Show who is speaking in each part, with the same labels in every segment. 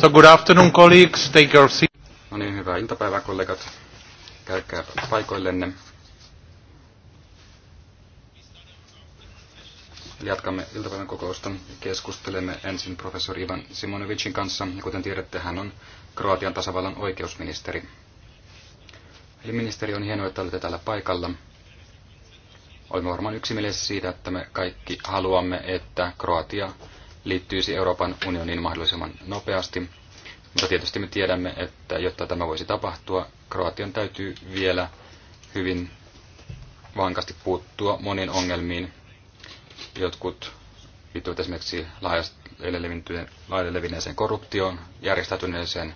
Speaker 1: So good afternoon, colleagues. Take your seat. No niin, hyvää iltapäivää, kollegat. Käykää paikoillenne. jatkamme iltapäivän kokousta. Keskustelemme ensin professori Ivan Simonovicin kanssa. kuten tiedätte, hän on Kroatian tasavallan oikeusministeri. Eli ministeri, on hienoa, että olette täällä paikalla. Olemme varmaan yksimielisiä siitä, että me kaikki haluamme, että Kroatia liittyisi Euroopan unionin mahdollisimman nopeasti. Mutta tietysti me tiedämme, että jotta tämä voisi tapahtua, Kroatian täytyy vielä hyvin vankasti puuttua moniin ongelmiin. Jotkut liittyvät esimerkiksi laajalle levinneeseen korruptioon, järjestäytyneeseen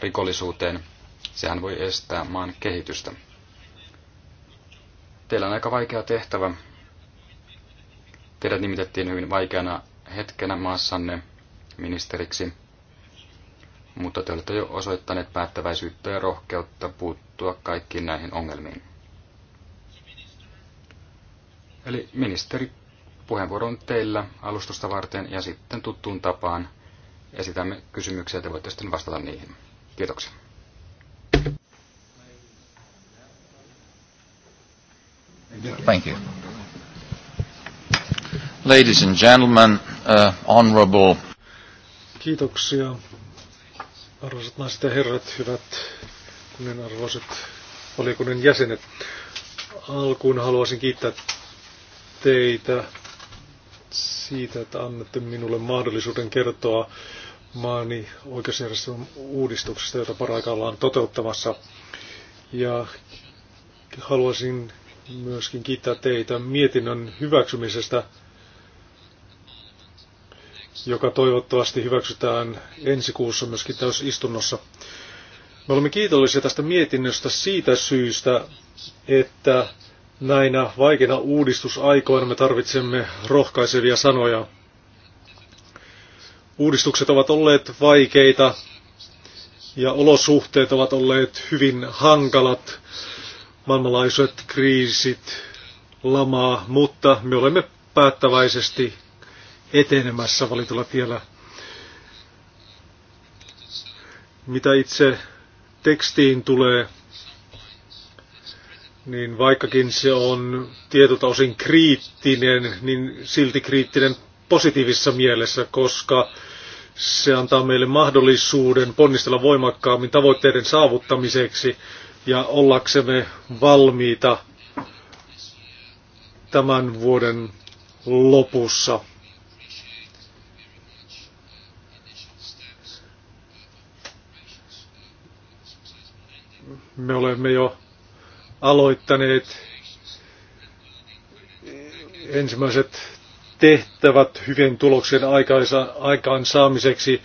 Speaker 1: rikollisuuteen. Sehän voi estää maan kehitystä. Teillä on aika vaikea tehtävä. Teidät nimitettiin hyvin vaikeana hetkenä maassanne ministeriksi, mutta te olette jo osoittaneet päättäväisyyttä ja rohkeutta puuttua kaikkiin näihin ongelmiin. Eli ministeri, puheenvuoro on teillä alustusta varten ja sitten tuttuun tapaan esitämme kysymyksiä ja te voitte sitten vastata niihin. Kiitoksia. Thank you. Ladies and gentlemen, uh, honorable.
Speaker 2: Kiitoksia, arvoisat naiset ja herrat, hyvät kunnianarvoiset valiokunnan jäsenet. Alkuun haluaisin kiittää teitä siitä, että annatte minulle mahdollisuuden kertoa maani oikeusjärjestelmän uudistuksesta, jota paraikaa ollaan toteuttamassa. Ja haluaisin myöskin kiittää teitä mietinnön hyväksymisestä joka toivottavasti hyväksytään ensi kuussa myöskin täysistunnossa. Me olemme kiitollisia tästä mietinnöstä siitä syystä, että näinä vaikeina uudistusaikoina me tarvitsemme rohkaisevia sanoja. Uudistukset ovat olleet vaikeita ja olosuhteet ovat olleet hyvin hankalat, maailmanlaajuiset kriisit, lamaa, mutta me olemme päättäväisesti etenemässä valitulla tiellä. Mitä itse tekstiin tulee, niin vaikkakin se on tietyltä osin kriittinen, niin silti kriittinen positiivisessa mielessä, koska se antaa meille mahdollisuuden ponnistella voimakkaammin tavoitteiden saavuttamiseksi ja ollaksemme valmiita tämän vuoden lopussa Me olemme jo aloittaneet ensimmäiset tehtävät hyvien tuloksen aikaansaamiseksi.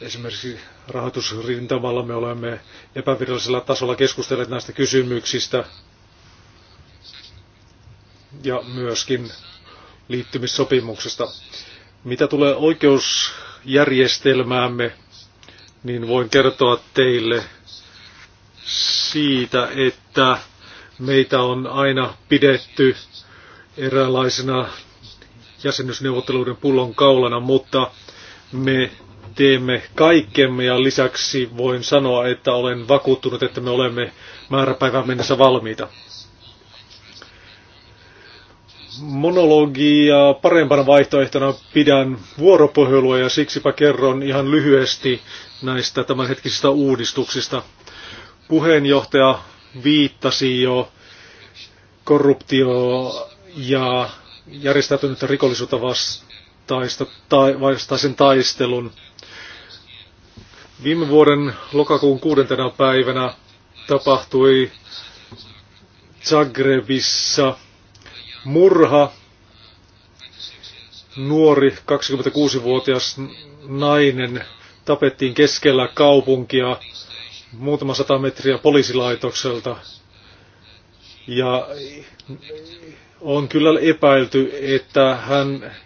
Speaker 2: Esimerkiksi rahoitusrintamalla me olemme epävirallisella tasolla keskustelleet näistä kysymyksistä ja myöskin liittymissopimuksesta. Mitä tulee oikeusjärjestelmäämme, niin voin kertoa teille, siitä, että meitä on aina pidetty eräänlaisena jäsenyysneuvotteluiden pullon kaulana, mutta me teemme kaikkemme ja lisäksi voin sanoa, että olen vakuuttunut, että me olemme määräpäivän mennessä valmiita. Monologia parempana vaihtoehtona pidän vuoropuhelua ja siksipä kerron ihan lyhyesti näistä tämänhetkisistä uudistuksista puheenjohtaja viittasi jo korruptio ja järjestäytynyttä rikollisuutta vastaista, tai, vastaisen taistelun. Viime vuoden lokakuun kuudentena päivänä tapahtui Zagrebissa murha. Nuori 26-vuotias nainen tapettiin keskellä kaupunkia muutama sata metriä poliisilaitokselta. Ja on kyllä epäilty, että hän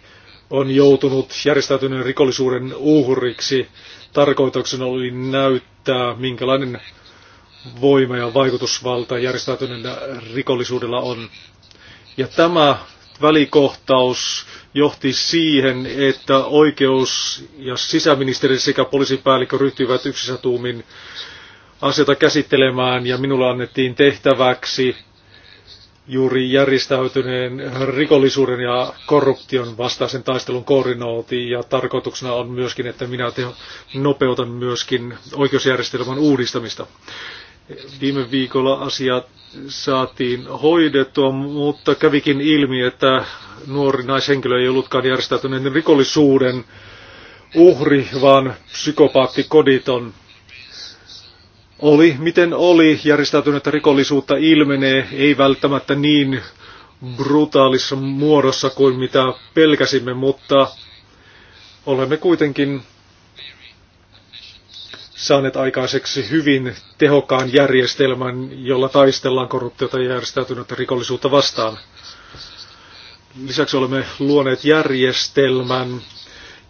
Speaker 2: on joutunut järjestäytyneen rikollisuuden uhriksi. Tarkoituksena oli näyttää, minkälainen voima ja vaikutusvalta järjestäytyneellä rikollisuudella on. Ja tämä välikohtaus johti siihen, että oikeus- ja sisäministeri sekä poliisipäällikkö ryhtyivät yksisätuumin tuumin asioita käsittelemään ja minulla annettiin tehtäväksi juuri järjestäytyneen rikollisuuden ja korruption vastaisen taistelun koordinointi ja tarkoituksena on myöskin, että minä teho, nopeutan myöskin oikeusjärjestelmän uudistamista. Viime viikolla asiat saatiin hoidettua, mutta kävikin ilmi, että nuori naishenkilö ei ollutkaan järjestäytyneen rikollisuuden uhri, vaan psykopaatti koditon oli miten oli, järjestäytynyttä rikollisuutta ilmenee, ei välttämättä niin brutaalissa muodossa kuin mitä pelkäsimme, mutta olemme kuitenkin saaneet aikaiseksi hyvin tehokkaan järjestelmän, jolla taistellaan korruptiota ja järjestäytynyttä rikollisuutta vastaan. Lisäksi olemme luoneet järjestelmän,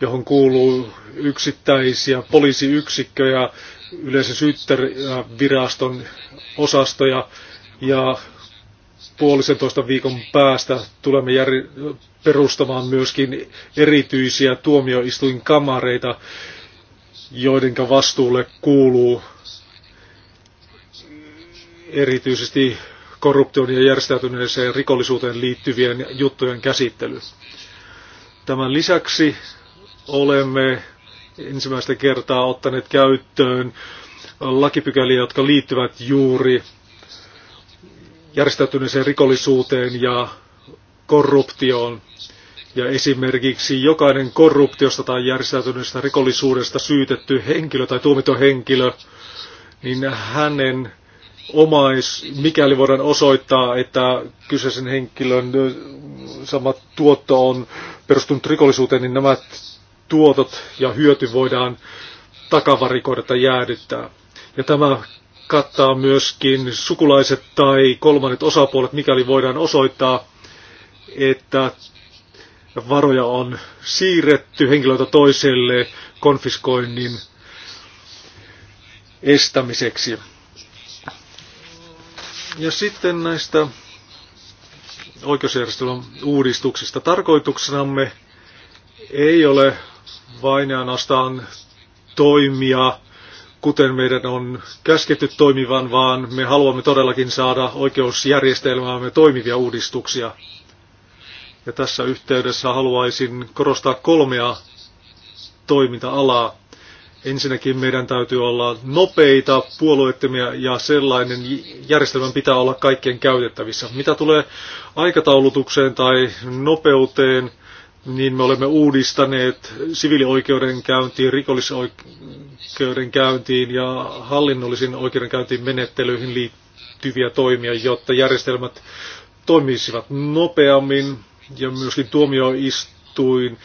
Speaker 2: johon kuuluu yksittäisiä poliisiyksikköjä, yleisen syyttäjäviraston osastoja ja puolisen toista viikon päästä tulemme jär- perustamaan myöskin erityisiä tuomioistuinkamareita, joiden vastuulle kuuluu erityisesti korruptioon ja järjestäytyneeseen rikollisuuteen liittyvien juttujen käsittely. Tämän lisäksi olemme ensimmäistä kertaa ottaneet käyttöön lakipykäliä, jotka liittyvät juuri järjestäytyneeseen rikollisuuteen ja korruptioon. Ja esimerkiksi jokainen korruptiosta tai järjestäytyneestä rikollisuudesta syytetty henkilö tai tuomito henkilö, niin hänen omais, mikäli voidaan osoittaa, että kyseisen henkilön sama tuotto on perustunut rikollisuuteen, niin nämä tuotot ja hyöty voidaan takavarikoida jäädyttää. Ja tämä kattaa myöskin sukulaiset tai kolmannet osapuolet, mikäli voidaan osoittaa, että varoja on siirretty henkilöltä toiselle konfiskoinnin estämiseksi. Ja sitten näistä oikeusjärjestelmän uudistuksista. Tarkoituksenamme ei ole vain ja ainoastaan toimia, kuten meidän on käsketty toimivan, vaan me haluamme todellakin saada oikeusjärjestelmäämme toimivia uudistuksia. Ja tässä yhteydessä haluaisin korostaa kolmea toiminta-alaa. Ensinnäkin meidän täytyy olla nopeita, puolueettomia ja sellainen järjestelmän pitää olla kaikkien käytettävissä. Mitä tulee aikataulutukseen tai nopeuteen, niin me olemme uudistaneet siviilioikeudenkäyntiin, rikollisoikeudenkäyntiin ja hallinnollisiin oikeudenkäyntiin menettelyihin liittyviä toimia, jotta järjestelmät toimisivat nopeammin ja myöskin tuomioistuin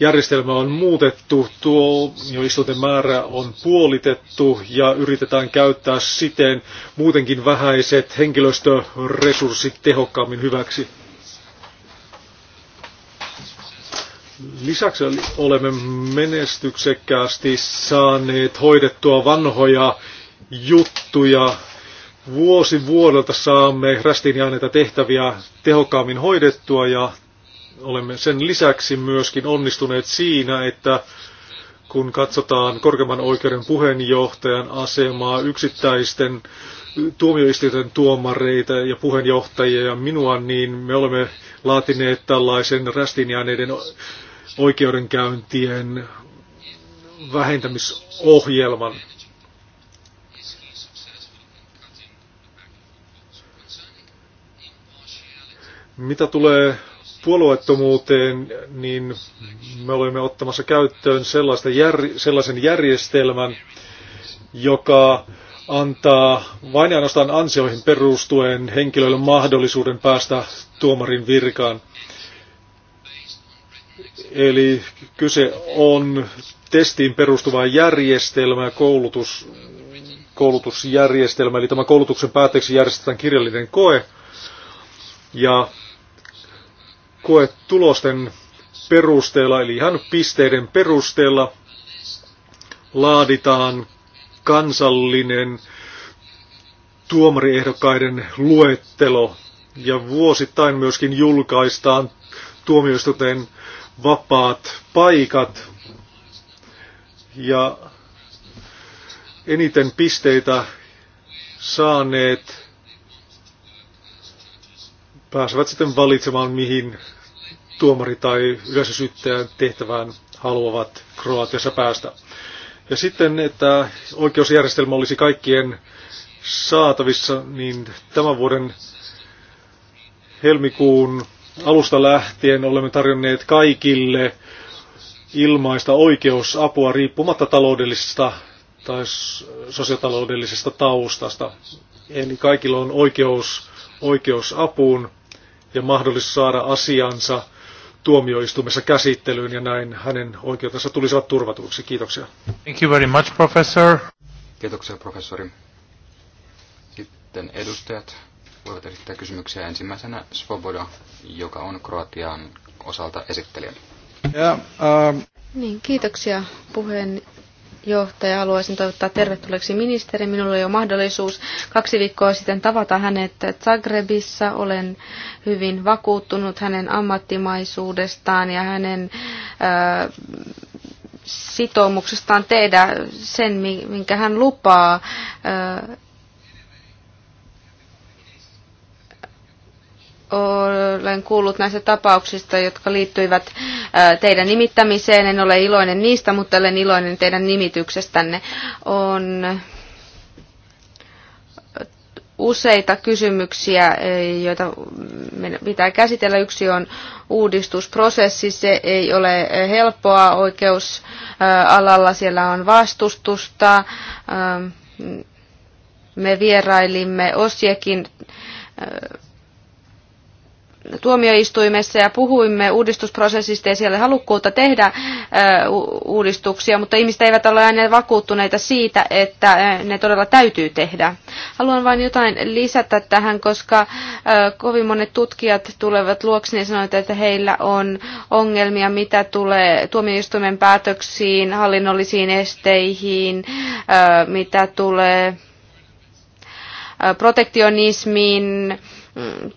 Speaker 2: järjestelmä on muutettu, tuomioistuinten määrä on puolitettu ja yritetään käyttää siten muutenkin vähäiset henkilöstöresurssit tehokkaammin hyväksi. Lisäksi olemme menestyksekkäästi saaneet hoidettua vanhoja juttuja. Vuosi vuodelta saamme rästinjääneitä tehtäviä tehokkaammin hoidettua ja olemme sen lisäksi myöskin onnistuneet siinä, että kun katsotaan korkeimman oikeuden puheenjohtajan asemaa, yksittäisten tuomioistuinten tuomareita ja puheenjohtajia ja minua, niin me olemme laatineet tällaisen rästinjääneiden oikeudenkäyntien vähentämisohjelman. Mitä tulee puolueettomuuteen, niin me olemme ottamassa käyttöön sellaista jär, sellaisen järjestelmän, joka antaa vain ainoastaan ansioihin perustuen henkilölle mahdollisuuden päästä tuomarin virkaan. Eli kyse on testiin perustuvaa järjestelmää, koulutus, koulutusjärjestelmä, eli tämä koulutuksen päätteeksi järjestetään kirjallinen koe, ja koetulosten perusteella, eli ihan pisteiden perusteella, laaditaan kansallinen tuomariehdokkaiden luettelo, ja vuosittain myöskin julkaistaan tuomioistuinten vapaat paikat ja eniten pisteitä saaneet pääsevät sitten valitsemaan, mihin tuomari tai yleisösyyttäjän tehtävään haluavat Kroatiassa päästä. Ja sitten, että oikeusjärjestelmä olisi kaikkien saatavissa, niin tämän vuoden helmikuun alusta lähtien olemme tarjonneet kaikille ilmaista oikeusapua riippumatta taloudellisesta tai sosiotaloudellisesta taustasta. Eli kaikilla on oikeus oikeusapuun ja mahdollisuus saada asiansa tuomioistuimessa käsittelyyn ja näin hänen oikeutensa tulisivat turvatuksi. Kiitoksia. Thank you very much, professor. Kiitoksia, professori.
Speaker 1: Sitten edustajat voivat esittää kysymyksiä. Ensimmäisenä Svoboda, joka on Kroatian osalta esittelijä.
Speaker 3: Ja, ähm. niin, kiitoksia puheenjohtaja. Haluaisin toivottaa tervetulleeksi ministeri. Minulla oli jo mahdollisuus kaksi viikkoa sitten tavata hänet Zagrebissa. Olen hyvin vakuuttunut hänen ammattimaisuudestaan ja hänen äh, sitoumuksestaan tehdä sen, minkä hän lupaa. Äh, olen kuullut näistä tapauksista, jotka liittyivät äh, teidän nimittämiseen. En ole iloinen niistä, mutta olen iloinen teidän nimityksestänne. On useita kysymyksiä, äh, joita pitää käsitellä. Yksi on uudistusprosessi. Se ei ole helppoa oikeusalalla. Siellä on vastustusta. Ähm, me vierailimme Osiekin äh, tuomioistuimessa ja puhuimme uudistusprosessista ja siellä halukkuutta tehdä uudistuksia, mutta ihmiset eivät ole aina vakuuttuneita siitä, että ne todella täytyy tehdä. Haluan vain jotain lisätä tähän, koska kovin monet tutkijat tulevat luokseni ja sanoivat, että heillä on ongelmia, mitä tulee tuomioistuimen päätöksiin, hallinnollisiin esteihin, mitä tulee protektionismiin,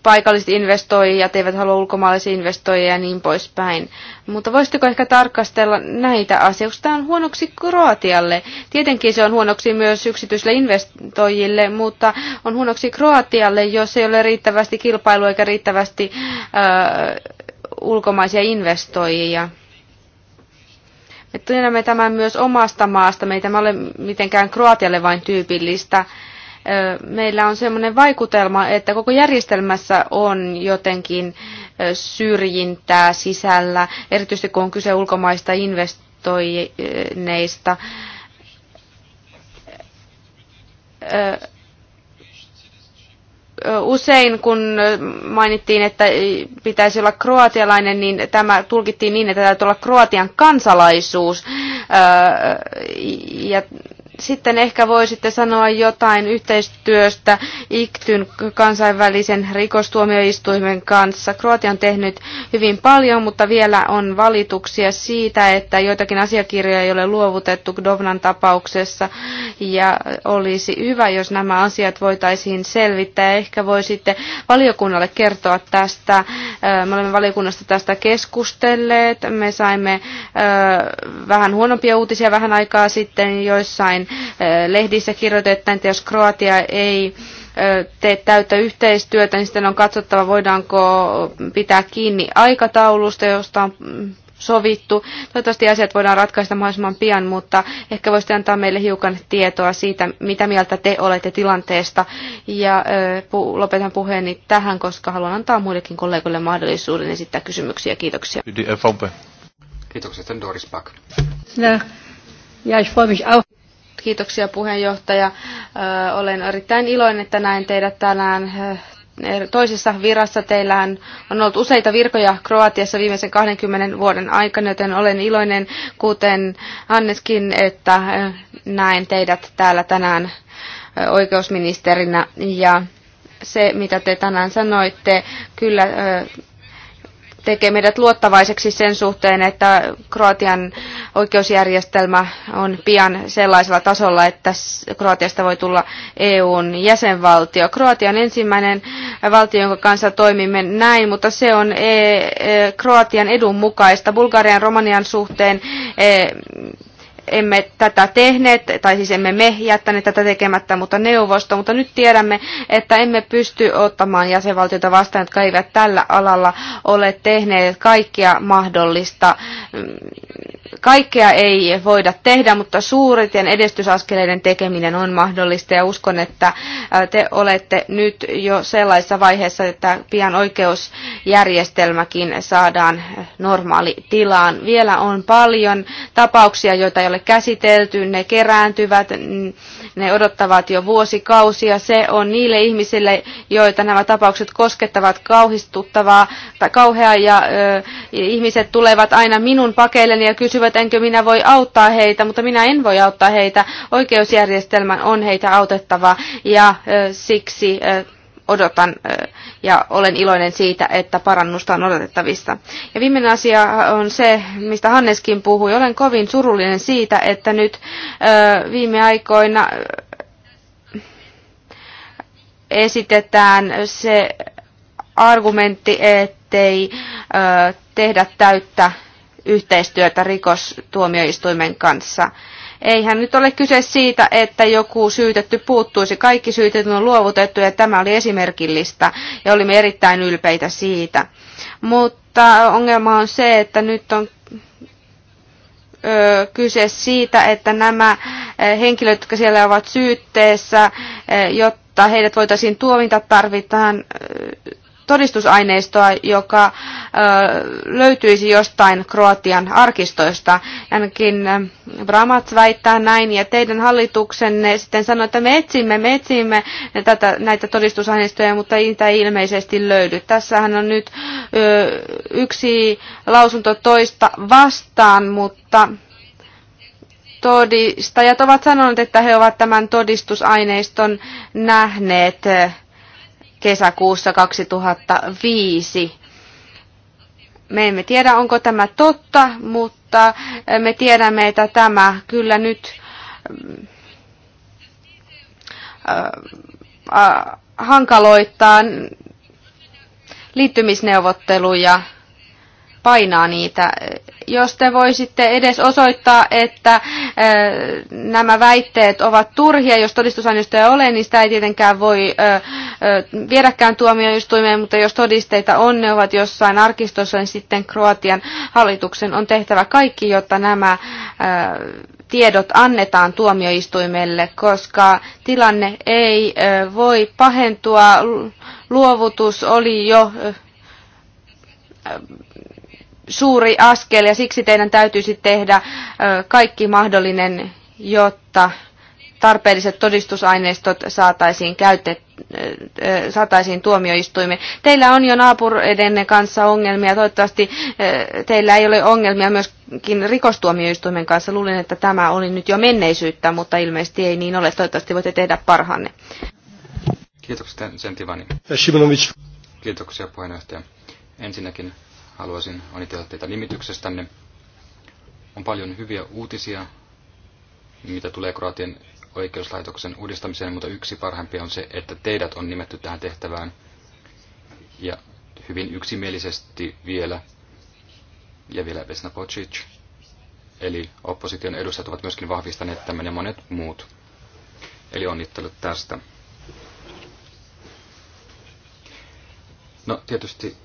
Speaker 3: paikalliset investoijat eivät halua ulkomaalaisia investoijia ja niin poispäin. Mutta voisitteko ehkä tarkastella näitä asioita? Tämä on huonoksi Kroatialle. Tietenkin se on huonoksi myös yksityisille investoijille, mutta on huonoksi Kroatialle, jos ei ole riittävästi kilpailua eikä riittävästi äh, ulkomaisia investoijia. Me tämän myös omasta maasta. Me ei tämä ole mitenkään Kroatialle vain tyypillistä meillä on sellainen vaikutelma, että koko järjestelmässä on jotenkin syrjintää sisällä, erityisesti kun on kyse ulkomaista investoineista. usein kun mainittiin, että pitäisi olla kroatialainen, niin tämä tulkittiin niin, että täytyy olla Kroatian kansalaisuus. Ja sitten ehkä voisitte sanoa jotain yhteistyöstä Iktyn kansainvälisen rikostuomioistuimen kanssa. Kroatia on tehnyt hyvin paljon, mutta vielä on valituksia siitä, että joitakin asiakirjoja ei ole luovutettu Dovnan tapauksessa. Ja olisi hyvä, jos nämä asiat voitaisiin selvittää. Ehkä voisitte valiokunnalle kertoa tästä. Me olemme valiokunnasta tästä keskustelleet. Me saimme vähän huonompia uutisia vähän aikaa sitten joissain lehdissä kirjoitetaan, että jos Kroatia ei tee täyttä yhteistyötä, niin sitten on katsottava, voidaanko pitää kiinni aikataulusta, josta on mm, sovittu. Toivottavasti asiat voidaan ratkaista mahdollisimman pian, mutta ehkä voisitte antaa meille hiukan tietoa siitä, mitä mieltä te olette tilanteesta. Ja pu- lopetan puheeni tähän, koska haluan antaa muillekin kollegoille mahdollisuuden esittää kysymyksiä. Kiitoksia. Eh, Kiitoksia, Doris Back. Ja, ich freue mich auch. Kiitoksia puheenjohtaja. Olen erittäin iloinen, että näin teidät tänään er, toisessa virassa. Teillähän on ollut useita virkoja Kroatiassa viimeisen 20 vuoden aikana, joten olen iloinen, kuten Hanneskin, että näen teidät täällä tänään oikeusministerinä. Ja se, mitä te tänään sanoitte, kyllä tekee meidät luottavaiseksi sen suhteen, että Kroatian oikeusjärjestelmä on pian sellaisella tasolla, että Kroatiasta voi tulla EUn jäsenvaltio. Kroatia on ensimmäinen valtio, jonka kanssa toimimme näin, mutta se on e, e, Kroatian edun mukaista. Bulgarian Romanian suhteen e, emme tätä tehneet, tai siis emme me jättäneet tätä tekemättä, mutta neuvosto, mutta nyt tiedämme, että emme pysty ottamaan jäsenvaltioita vastaan, jotka eivät tällä alalla ole tehneet kaikkia mahdollista. Kaikkea ei voida tehdä, mutta ja edistysaskeleiden tekeminen on mahdollista ja uskon, että te olette nyt jo sellaisessa vaiheessa, että pian oikeusjärjestelmäkin saadaan normaali tilaan. Vielä on paljon tapauksia, joita ei ole ole käsitelty, ne kerääntyvät, ne odottavat jo vuosikausia. Se on niille ihmisille, joita nämä tapaukset koskettavat kauhistuttavaa tai kauhea ja ö, ihmiset tulevat aina minun pakeilleni ja kysyvät, enkö minä voi auttaa heitä, mutta minä en voi auttaa heitä. Oikeusjärjestelmän on heitä autettava ja ö, siksi ö, odotan ja olen iloinen siitä, että parannusta on odotettavissa. Ja viimeinen asia on se, mistä Hanneskin puhui. Olen kovin surullinen siitä, että nyt viime aikoina esitetään se argumentti, ettei tehdä täyttä yhteistyötä rikostuomioistuimen kanssa. Eihän nyt ole kyse siitä, että joku syytetty puuttuisi. Kaikki syytetyt on luovutettu ja tämä oli esimerkillistä ja olimme erittäin ylpeitä siitä. Mutta ongelma on se, että nyt on kyse siitä, että nämä henkilöt, jotka siellä ovat syytteessä, jotta heidät voitaisiin tuomita, tarvitaan todistusaineistoa, joka löytyisi jostain Kroatian arkistoista. Ainakin Bramats väittää näin, ja teidän hallituksenne sitten sanoi, että me etsimme, me etsimme tätä, näitä todistusaineistoja, mutta niitä ei ilmeisesti löydy. Tässähän on nyt yksi lausunto toista vastaan, mutta todistajat ovat sanoneet, että he ovat tämän todistusaineiston nähneet kesäkuussa 2005. Me emme tiedä, onko tämä totta, mutta me tiedämme, että tämä kyllä nyt äh, äh, hankaloittaa liittymisneuvotteluja painaa niitä. Jos te voisitte edes osoittaa, että äh, nämä väitteet ovat turhia, jos todistusaineistoja ei ole, niin sitä ei tietenkään voi äh, äh, viedäkään tuomioistuimeen, mutta jos todisteita on, ne ovat jossain arkistossa, niin sitten Kroatian hallituksen on tehtävä kaikki, jotta nämä tiedot annetaan tuomioistuimelle, koska tilanne ei voi pahentua. Luovutus oli jo suuri askel ja siksi teidän täytyisi tehdä kaikki mahdollinen, jotta tarpeelliset todistusaineistot saataisiin, käytet, saataisiin tuomioistuimeen. Teillä on jo naapureidenne kanssa ongelmia. Toivottavasti teillä ei ole ongelmia myöskin rikostuomioistuimen kanssa. Luulin, että tämä oli nyt jo menneisyyttä, mutta ilmeisesti ei niin ole. Toivottavasti voitte tehdä parhaanne.
Speaker 1: Kiitoksia, Sentivani. Kiitoksia, puheenjohtaja. Ensinnäkin Haluaisin onnitella teitä nimityksestänne. On paljon hyviä uutisia, mitä tulee Kroatian oikeuslaitoksen uudistamiseen, mutta yksi parhaimpia on se, että teidät on nimetty tähän tehtävään. Ja hyvin yksimielisesti vielä, ja vielä Vesna Pocic, eli opposition edustajat ovat myöskin vahvistaneet tämän ja monet muut. Eli onnittelut tästä. No tietysti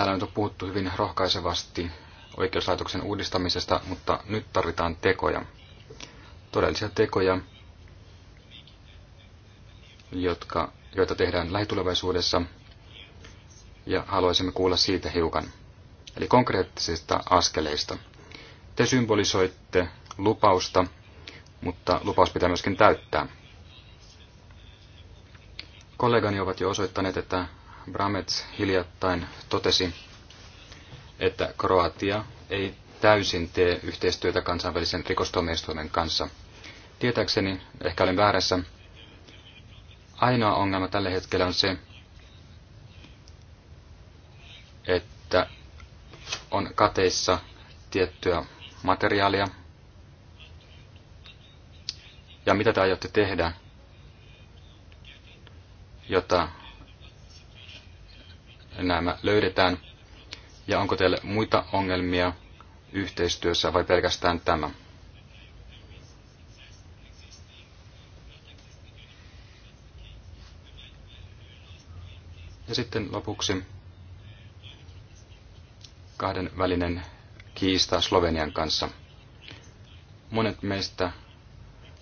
Speaker 1: Täällä on puhuttu hyvin rohkaisevasti oikeuslaitoksen uudistamisesta, mutta nyt tarvitaan tekoja. Todellisia tekoja, jotka, joita tehdään lähitulevaisuudessa, ja haluaisimme kuulla siitä hiukan. Eli konkreettisista askeleista. Te symbolisoitte lupausta, mutta lupaus pitää myöskin täyttää. Kollegani ovat jo osoittaneet, että Bramets hiljattain totesi, että Kroatia ei täysin tee yhteistyötä kansainvälisen rikostuomioistuimen kanssa. Tietääkseni, ehkä olen väärässä, ainoa ongelma tällä hetkellä on se, että on kateissa tiettyä materiaalia. Ja mitä te aiotte tehdä, jotta nämä löydetään? Ja onko teille muita ongelmia yhteistyössä vai pelkästään tämä? Ja sitten lopuksi kahden välinen kiista Slovenian kanssa. Monet meistä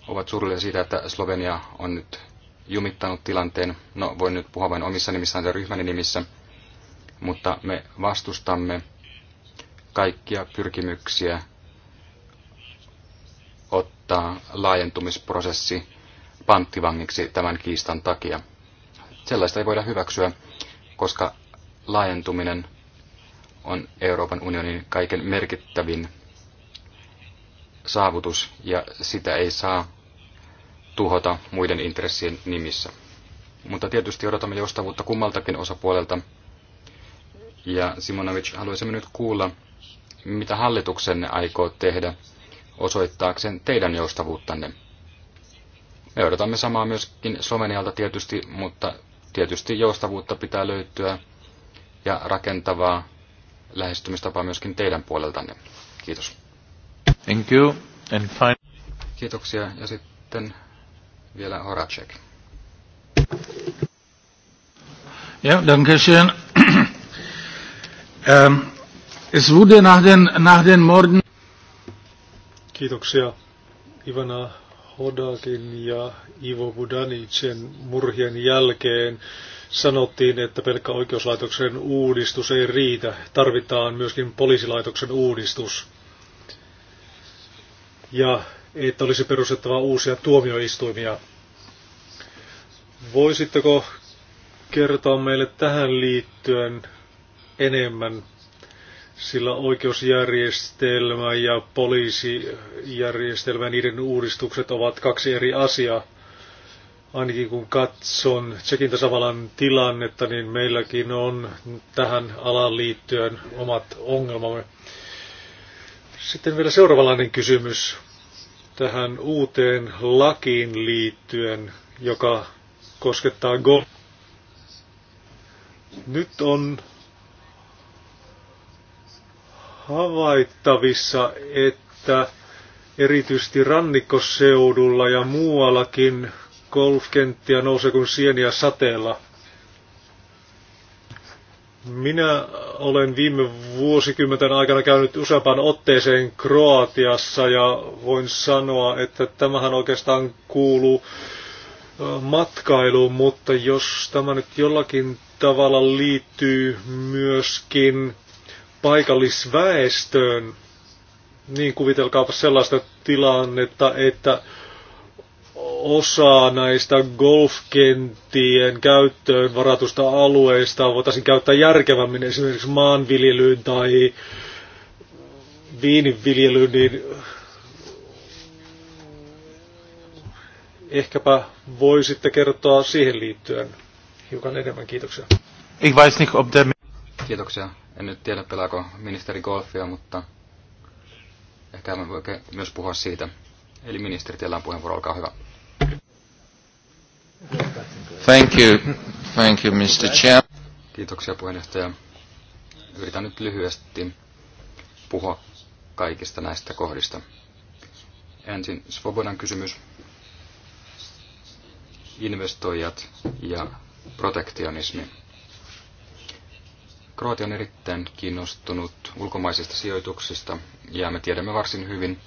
Speaker 1: ovat surullisia siitä, että Slovenia on nyt jumittanut tilanteen. No, voin nyt puhua vain omissa nimissään ja ryhmäni nimissä – mutta me vastustamme kaikkia pyrkimyksiä ottaa laajentumisprosessi panttivangiksi tämän kiistan takia. Sellaista ei voida hyväksyä, koska laajentuminen on Euroopan unionin kaiken merkittävin saavutus ja sitä ei saa tuhota muiden intressien nimissä. Mutta tietysti odotamme joustavuutta kummaltakin osapuolelta ja Simonovic, haluaisimme nyt kuulla, mitä hallituksenne aikoo tehdä osoittaakseen teidän joustavuuttanne. Me odotamme samaa myöskin Slovenialta tietysti, mutta tietysti joustavuutta pitää löytyä ja rakentavaa lähestymistapaa myöskin teidän puoleltanne. Kiitos.
Speaker 2: Thank you. And fine.
Speaker 1: Kiitoksia. Ja sitten vielä Horacek.
Speaker 2: Ja, danke schön. Ähm, es wurde nach den, nach den Morden... Kiitoksia Ivana Hodakin ja Ivo Budanicen murhien jälkeen sanottiin, että pelkkä oikeuslaitoksen uudistus ei riitä. Tarvitaan myöskin poliisilaitoksen uudistus. Ja että olisi perustettava uusia tuomioistuimia. Voisitteko kertoa meille tähän liittyen enemmän, sillä oikeusjärjestelmä ja poliisijärjestelmä, niiden uudistukset ovat kaksi eri asiaa. Ainakin kun katson Tsekin tasavallan tilannetta, niin meilläkin on tähän alaan liittyen omat ongelmamme. Sitten vielä seuraavanlainen kysymys tähän uuteen lakiin liittyen, joka koskettaa Go. Nyt on havaittavissa, että erityisesti rannikkoseudulla ja muuallakin golfkenttiä nousee kuin sieniä sateella. Minä olen viime vuosikymmenten aikana käynyt useampaan otteeseen Kroatiassa ja voin sanoa, että tämähän oikeastaan kuuluu matkailuun, mutta jos tämä nyt jollakin tavalla liittyy myöskin paikallisväestöön, niin kuvitelkaapa sellaista tilannetta, että osa näistä golfkenttien käyttöön varatusta alueista voitaisiin käyttää järkevämmin esimerkiksi maanviljelyyn tai viininviljelyyn, niin ehkäpä voisitte kertoa siihen liittyen hiukan enemmän. Kiitoksia. Ich weiß nicht, ob der
Speaker 1: Kiitoksia. En nyt tiedä, pelaako ministeri golfia, mutta ehkä me voi myös puhua siitä. Eli ministeri, teillä on puheenvuoro, olkaa hyvä. Thank you. Thank you, Mr. Chair. Kiitoksia puheenjohtaja. Yritän nyt lyhyesti puhua kaikista näistä kohdista. Ensin Svobodan kysymys. Investoijat ja protektionismi. Kroatia on erittäin kiinnostunut ulkomaisista sijoituksista ja me tiedämme varsin hyvin,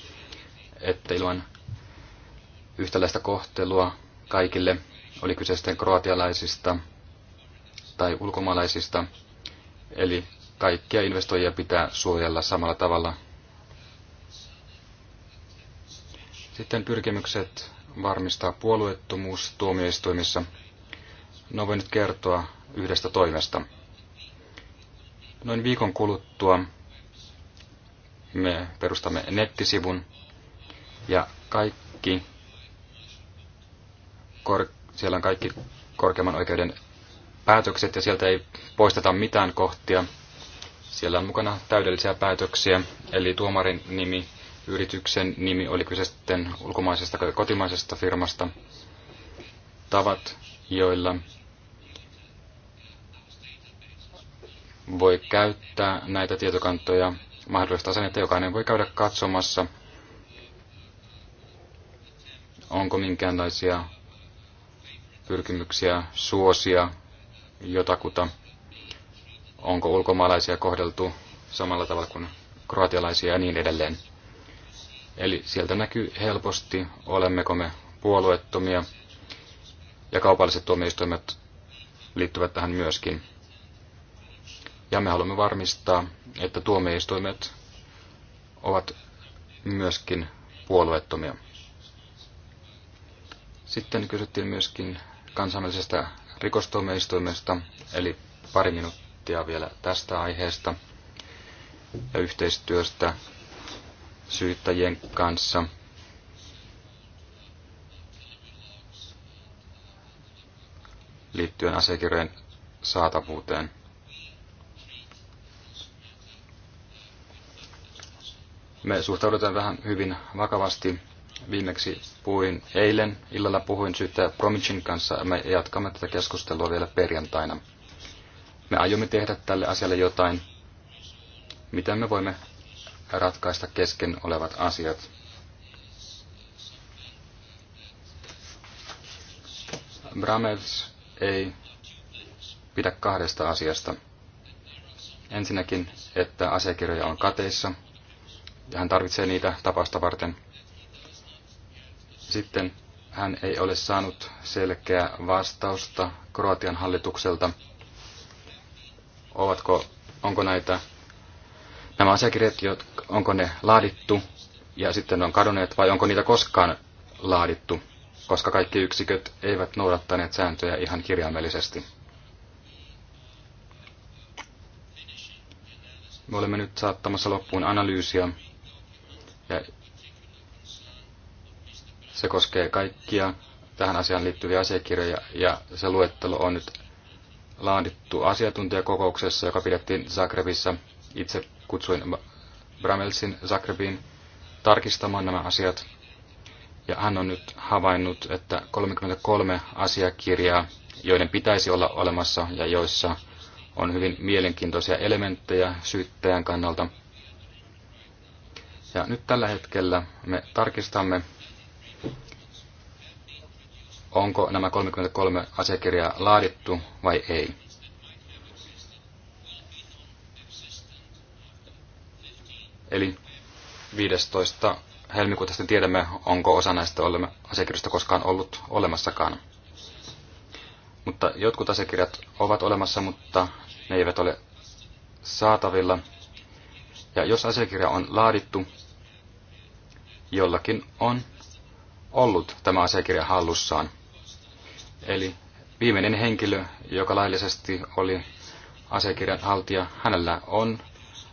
Speaker 1: että ilman yhtäläistä kohtelua kaikille, oli kyse sitten kroatialaisista tai ulkomaalaisista, eli kaikkia investoijia pitää suojella samalla tavalla. Sitten pyrkimykset varmistaa puolueettomuus tuomioistuimissa. No voin nyt kertoa yhdestä toimesta. Noin viikon kuluttua me perustamme nettisivun ja kaikki, kor, siellä on kaikki korkeimman oikeuden päätökset ja sieltä ei poisteta mitään kohtia. Siellä on mukana täydellisiä päätöksiä, eli tuomarin nimi, yrityksen nimi, oli kyse sitten ulkomaisesta tai kotimaisesta firmasta, tavat, joilla voi käyttää näitä tietokantoja. Mahdollistaa sen, että jokainen voi käydä katsomassa, onko minkäänlaisia pyrkimyksiä suosia jotakuta, onko ulkomaalaisia kohdeltu samalla tavalla kuin kroatialaisia ja niin edelleen. Eli sieltä näkyy helposti, olemmeko me puolueettomia, ja kaupalliset tuomioistuimet liittyvät tähän myöskin ja me haluamme varmistaa, että tuomioistuimet ovat myöskin puolueettomia. Sitten kysyttiin myöskin kansainvälisestä rikostuomioistuimesta, eli pari minuuttia vielä tästä aiheesta ja yhteistyöstä syyttäjien kanssa. liittyen asiakirjojen saatavuuteen. Me suhtaudutaan vähän hyvin vakavasti. Viimeksi puhuin eilen, illalla puhuin syyttäjä Promichin kanssa ja me jatkamme tätä keskustelua vielä perjantaina. Me aiomme tehdä tälle asialle jotain, miten me voimme ratkaista kesken olevat asiat. Bramels ei pidä kahdesta asiasta. Ensinnäkin, että asiakirjoja on kateissa, ja hän tarvitsee niitä tapausta varten. Sitten hän ei ole saanut selkeää vastausta Kroatian hallitukselta. Ovatko, onko näitä, nämä asiakirjat, onko ne laadittu ja sitten on kadonneet vai onko niitä koskaan laadittu, koska kaikki yksiköt eivät noudattaneet sääntöjä ihan kirjaimellisesti. Me olemme nyt saattamassa loppuun analyysiä ja se koskee kaikkia tähän asiaan liittyviä asiakirjoja ja se luettelo on nyt laadittu asiantuntijakokouksessa, joka pidettiin Zagrebissa. Itse kutsuin Bramelsin Zagrebiin tarkistamaan nämä asiat. Ja hän on nyt havainnut, että 33 asiakirjaa, joiden pitäisi olla olemassa ja joissa on hyvin mielenkiintoisia elementtejä syyttäjän kannalta – ja nyt tällä hetkellä me tarkistamme, onko nämä 33 asiakirjaa laadittu vai ei. Eli 15 helmikuuta sitten tiedämme, onko osa näistä asiakirjoista koskaan ollut olemassakaan. Mutta jotkut asiakirjat ovat olemassa, mutta ne eivät ole saatavilla ja jos asiakirja on laadittu, jollakin on ollut tämä asiakirja hallussaan. Eli viimeinen henkilö, joka laillisesti oli asiakirjan haltija, hänellä on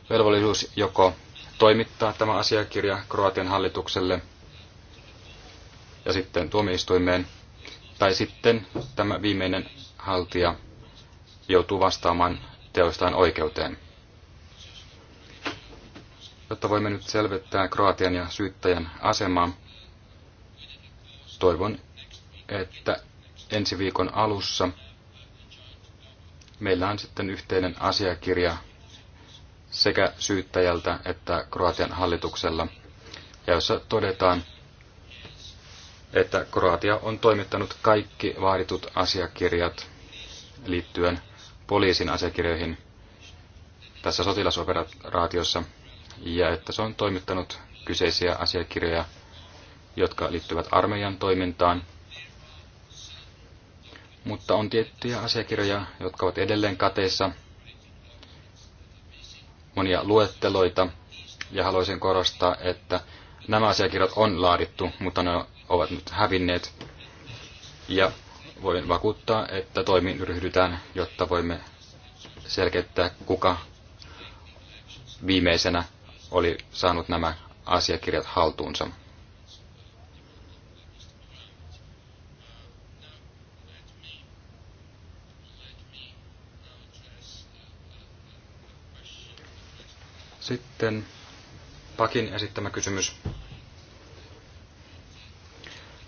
Speaker 1: velvollisuus joko toimittaa tämä asiakirja Kroatian hallitukselle ja sitten tuomioistuimeen, tai sitten tämä viimeinen haltija joutuu vastaamaan teoistaan oikeuteen. Jotta voimme nyt selvittää Kroatian ja syyttäjän asemaa, toivon, että ensi viikon alussa meillä on sitten yhteinen asiakirja sekä syyttäjältä että Kroatian hallituksella, ja jossa todetaan, että Kroatia on toimittanut kaikki vaaditut asiakirjat liittyen poliisin asiakirjoihin tässä sotilasoperaatiossa – ja että se on toimittanut kyseisiä asiakirjoja, jotka liittyvät armeijan toimintaan. Mutta on tiettyjä asiakirjoja, jotka ovat edelleen kateissa, monia luetteloita, ja haluaisin korostaa, että nämä asiakirjat on laadittu, mutta ne ovat nyt hävinneet. Ja voin vakuuttaa, että toimiin ryhdytään, jotta voimme selkeyttää, kuka viimeisenä oli saanut nämä asiakirjat haltuunsa. Sitten Pakin esittämä kysymys.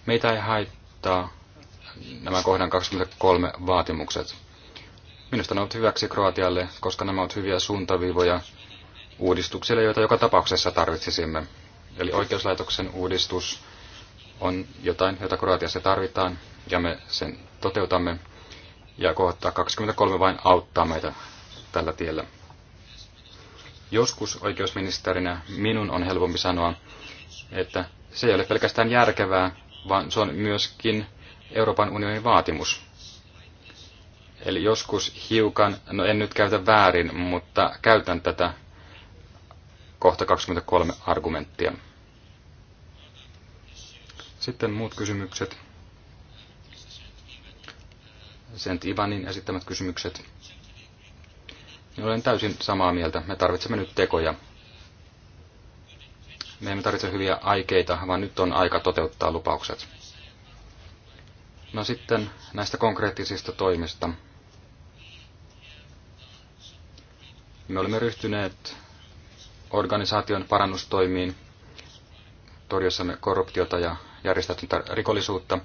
Speaker 1: Meitä ei haittaa nämä kohdan 23 vaatimukset. Minusta ne ovat hyväksi Kroatialle, koska nämä ovat hyviä suuntaviivoja uudistuksille, joita joka tapauksessa tarvitsisimme. Eli oikeuslaitoksen uudistus on jotain, jota Kroatiassa tarvitaan, ja me sen toteutamme. Ja kohta 23 vain auttaa meitä tällä tiellä. Joskus oikeusministerinä minun on helpompi sanoa, että se ei ole pelkästään järkevää, vaan se on myöskin Euroopan unionin vaatimus. Eli joskus hiukan, no en nyt käytä väärin, mutta käytän tätä kohta 23 argumenttia. Sitten muut kysymykset. Sent Ivanin esittämät kysymykset. Niin olen täysin samaa mieltä. Me tarvitsemme nyt tekoja. Me emme tarvitse hyviä aikeita, vaan nyt on aika toteuttaa lupaukset. No sitten näistä konkreettisista toimista. Me olemme ryhtyneet organisaation parannustoimiin torjossamme korruptiota ja järjestäytyntä rikollisuutta.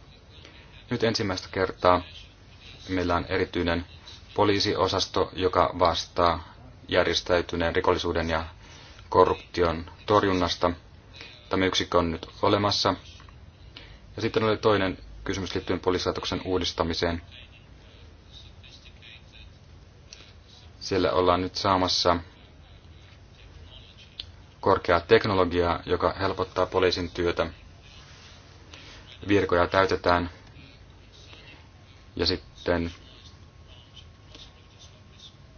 Speaker 1: Nyt ensimmäistä kertaa meillä on erityinen poliisiosasto, joka vastaa järjestäytyneen rikollisuuden ja korruption torjunnasta. Tämä yksikkö on nyt olemassa. Ja sitten oli toinen kysymys liittyen poliisilaitoksen uudistamiseen. Siellä ollaan nyt saamassa korkeaa teknologiaa, joka helpottaa poliisin työtä. Virkoja täytetään ja sitten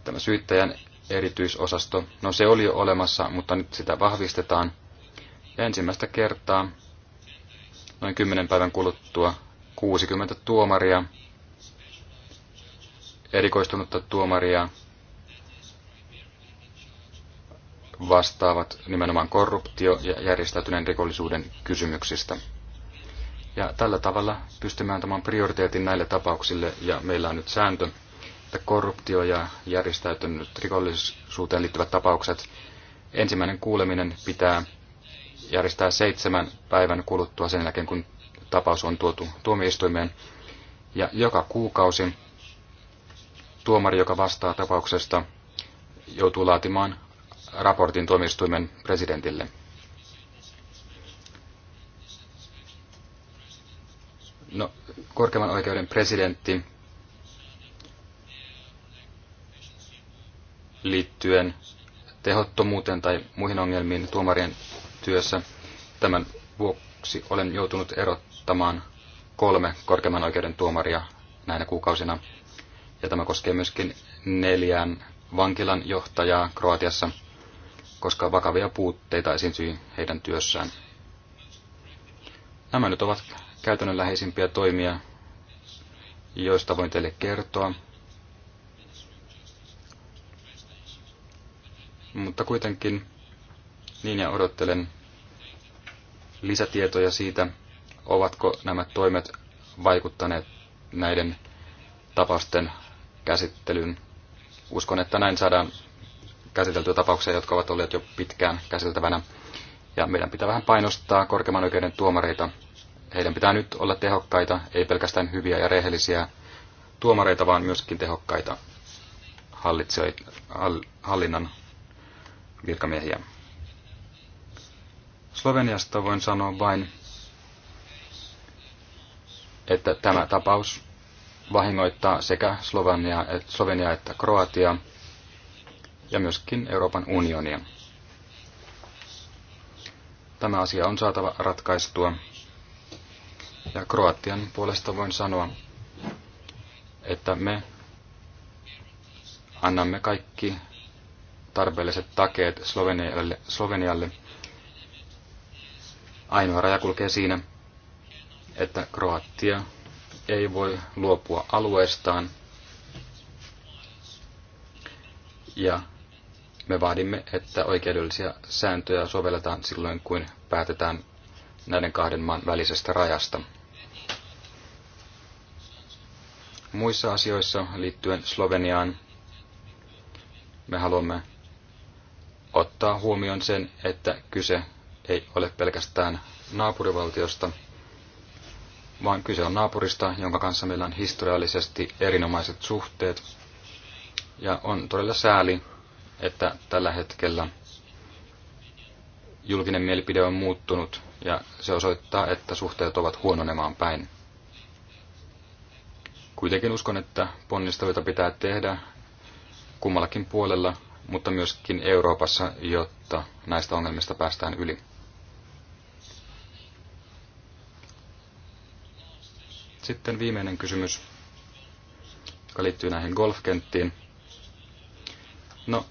Speaker 1: tämä syyttäjän erityisosasto, no se oli jo olemassa, mutta nyt sitä vahvistetaan. ensimmäistä kertaa noin kymmenen päivän kuluttua 60 tuomaria, erikoistunutta tuomaria vastaavat nimenomaan korruptio- ja järjestäytyneen rikollisuuden kysymyksistä. Ja tällä tavalla pystymme antamaan prioriteetin näille tapauksille, ja meillä on nyt sääntö, että korruptio- ja järjestäytynyt rikollisuuteen liittyvät tapaukset, ensimmäinen kuuleminen pitää järjestää seitsemän päivän kuluttua sen jälkeen, kun tapaus on tuotu tuomioistuimeen. Ja joka kuukausi tuomari, joka vastaa tapauksesta, joutuu laatimaan raportin tuomioistuimen presidentille. No, korkeimman oikeuden presidentti liittyen tehottomuuteen tai muihin ongelmiin tuomarien työssä. Tämän vuoksi olen joutunut erottamaan kolme korkeimman oikeuden tuomaria näinä kuukausina. Ja tämä koskee myöskin neljään vankilan johtajaa Kroatiassa – koska vakavia puutteita esiintyi heidän työssään. Nämä nyt ovat käytännönläheisimpiä toimia, joista voin teille kertoa. Mutta kuitenkin niin ja odottelen lisätietoja siitä, ovatko nämä toimet vaikuttaneet näiden tapausten käsittelyyn. Uskon, että näin saadaan käsiteltyjä tapauksia, jotka ovat olleet jo pitkään käsiteltävänä. Ja meidän pitää vähän painostaa korkeimman oikeuden tuomareita. Heidän pitää nyt olla tehokkaita, ei pelkästään hyviä ja rehellisiä tuomareita, vaan myöskin tehokkaita hallinnan virkamiehiä. Sloveniasta voin sanoa vain, että tämä tapaus vahingoittaa sekä Slovenia, Slovenia että Kroatia, ja myöskin Euroopan unionia. Tämä asia on saatava ratkaistua. Ja Kroatian puolesta voin sanoa, että me annamme kaikki tarpeelliset takeet Slovenialle, Slovenialle. Ainoa raja kulkee siinä, että Kroatia ei voi luopua alueestaan ja me vaadimme, että oikeudellisia sääntöjä sovelletaan silloin, kun päätetään näiden kahden maan välisestä rajasta. Muissa asioissa liittyen Sloveniaan me haluamme ottaa huomioon sen, että kyse ei ole pelkästään naapurivaltiosta, vaan kyse on naapurista, jonka kanssa meillä on historiallisesti erinomaiset suhteet. Ja on todella sääli, että tällä hetkellä julkinen mielipide on muuttunut ja se osoittaa, että suhteet ovat huononemaan päin. Kuitenkin uskon, että ponnisteluita pitää tehdä kummallakin puolella, mutta myöskin Euroopassa, jotta näistä ongelmista päästään yli. Sitten viimeinen kysymys, joka liittyy näihin golfkenttiin. No,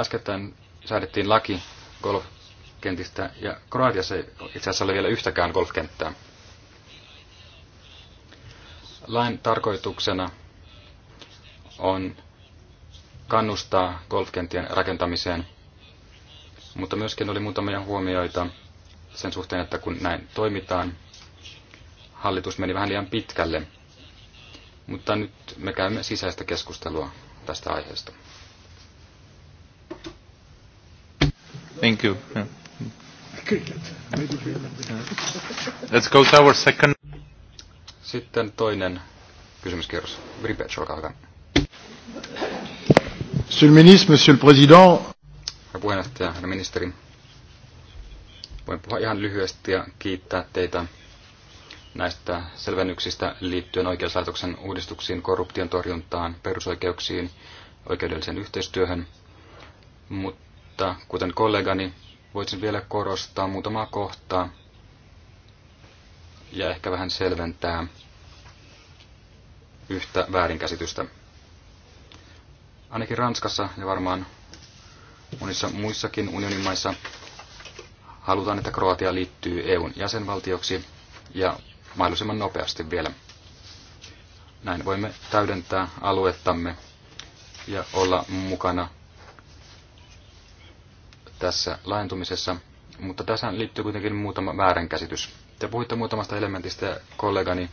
Speaker 1: äskettäin säädettiin laki golfkentistä ja Kroatiassa ei itse asiassa ole vielä yhtäkään golfkenttää. Lain tarkoituksena on kannustaa golfkenttien rakentamiseen, mutta myöskin oli muutamia huomioita sen suhteen, että kun näin toimitaan, hallitus meni vähän liian pitkälle. Mutta nyt me käymme sisäistä keskustelua tästä aiheesta.
Speaker 2: Thank you. Let's go to our second.
Speaker 1: Sitten toinen kysymyskierros. Ripetsch, olkaa hyvä.
Speaker 2: Monsieur le ministre, monsieur le président.
Speaker 1: Herra puheenjohtaja, herra ministeri. Voin puhua ihan lyhyesti ja kiittää teitä näistä selvennyksistä liittyen oikeuslaitoksen uudistuksiin, korruption torjuntaan, perusoikeuksiin, oikeudelliseen yhteistyöhön. Mutta mutta kuten kollegani, voisin vielä korostaa muutamaa kohtaa ja ehkä vähän selventää yhtä väärinkäsitystä. Ainakin Ranskassa ja varmaan monissa muissakin unionin maissa halutaan, että Kroatia liittyy EUn jäsenvaltioksi ja mahdollisimman nopeasti vielä. Näin voimme täydentää aluettamme ja olla mukana tässä laajentumisessa, mutta tässä liittyy kuitenkin muutama väärinkäsitys. Te puhuitte muutamasta elementistä ja kollegani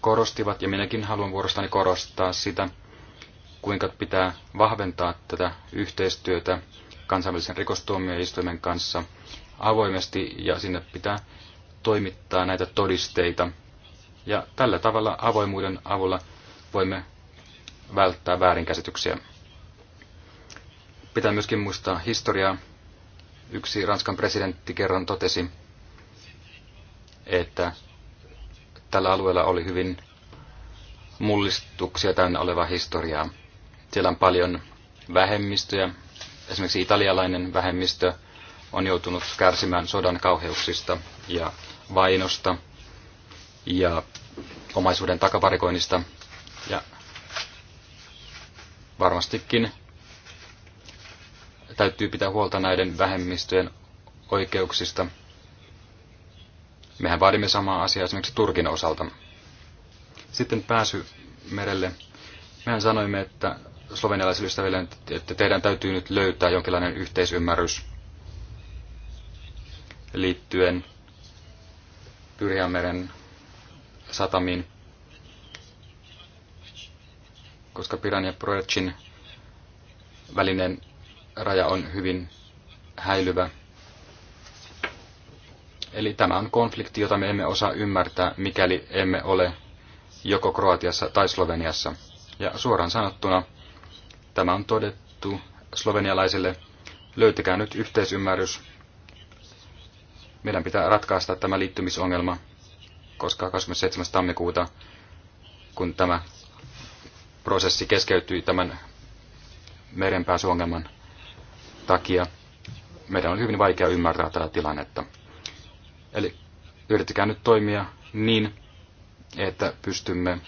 Speaker 1: korostivat, ja minäkin haluan vuorostani korostaa sitä, kuinka pitää vahventaa tätä yhteistyötä kansainvälisen rikostuomioistuimen kanssa avoimesti, ja sinne pitää toimittaa näitä todisteita. Ja tällä tavalla avoimuuden avulla voimme välttää väärinkäsityksiä. Pitää myöskin muistaa historiaa. Yksi Ranskan presidentti kerran totesi, että tällä alueella oli hyvin mullistuksia täynnä oleva historiaa. Siellä on paljon vähemmistöjä. Esimerkiksi italialainen vähemmistö on joutunut kärsimään sodan kauheuksista ja vainosta ja omaisuuden takavarikoinnista. Ja varmastikin täytyy pitää huolta näiden vähemmistöjen oikeuksista. Mehän vaadimme samaa asiaa esimerkiksi Turkin osalta. Sitten pääsy merelle. Mehän sanoimme, että slovenialaisille ystäville, että teidän täytyy nyt löytää jonkinlainen yhteisymmärrys liittyen Pyrjänmeren satamiin, koska Piran ja Proercin välinen raja on hyvin häilyvä. Eli tämä on konflikti, jota me emme osaa ymmärtää, mikäli emme ole joko Kroatiassa tai Sloveniassa. Ja suoraan sanottuna, tämä on todettu slovenialaisille, löytäkää nyt yhteisymmärrys. Meidän pitää ratkaista tämä liittymisongelma, koska 27. tammikuuta, kun tämä prosessi keskeytyi tämän merenpääsuongelman takia meidän on hyvin vaikea ymmärtää tätä tilannetta. Eli yrittäkää nyt toimia niin, että pystymme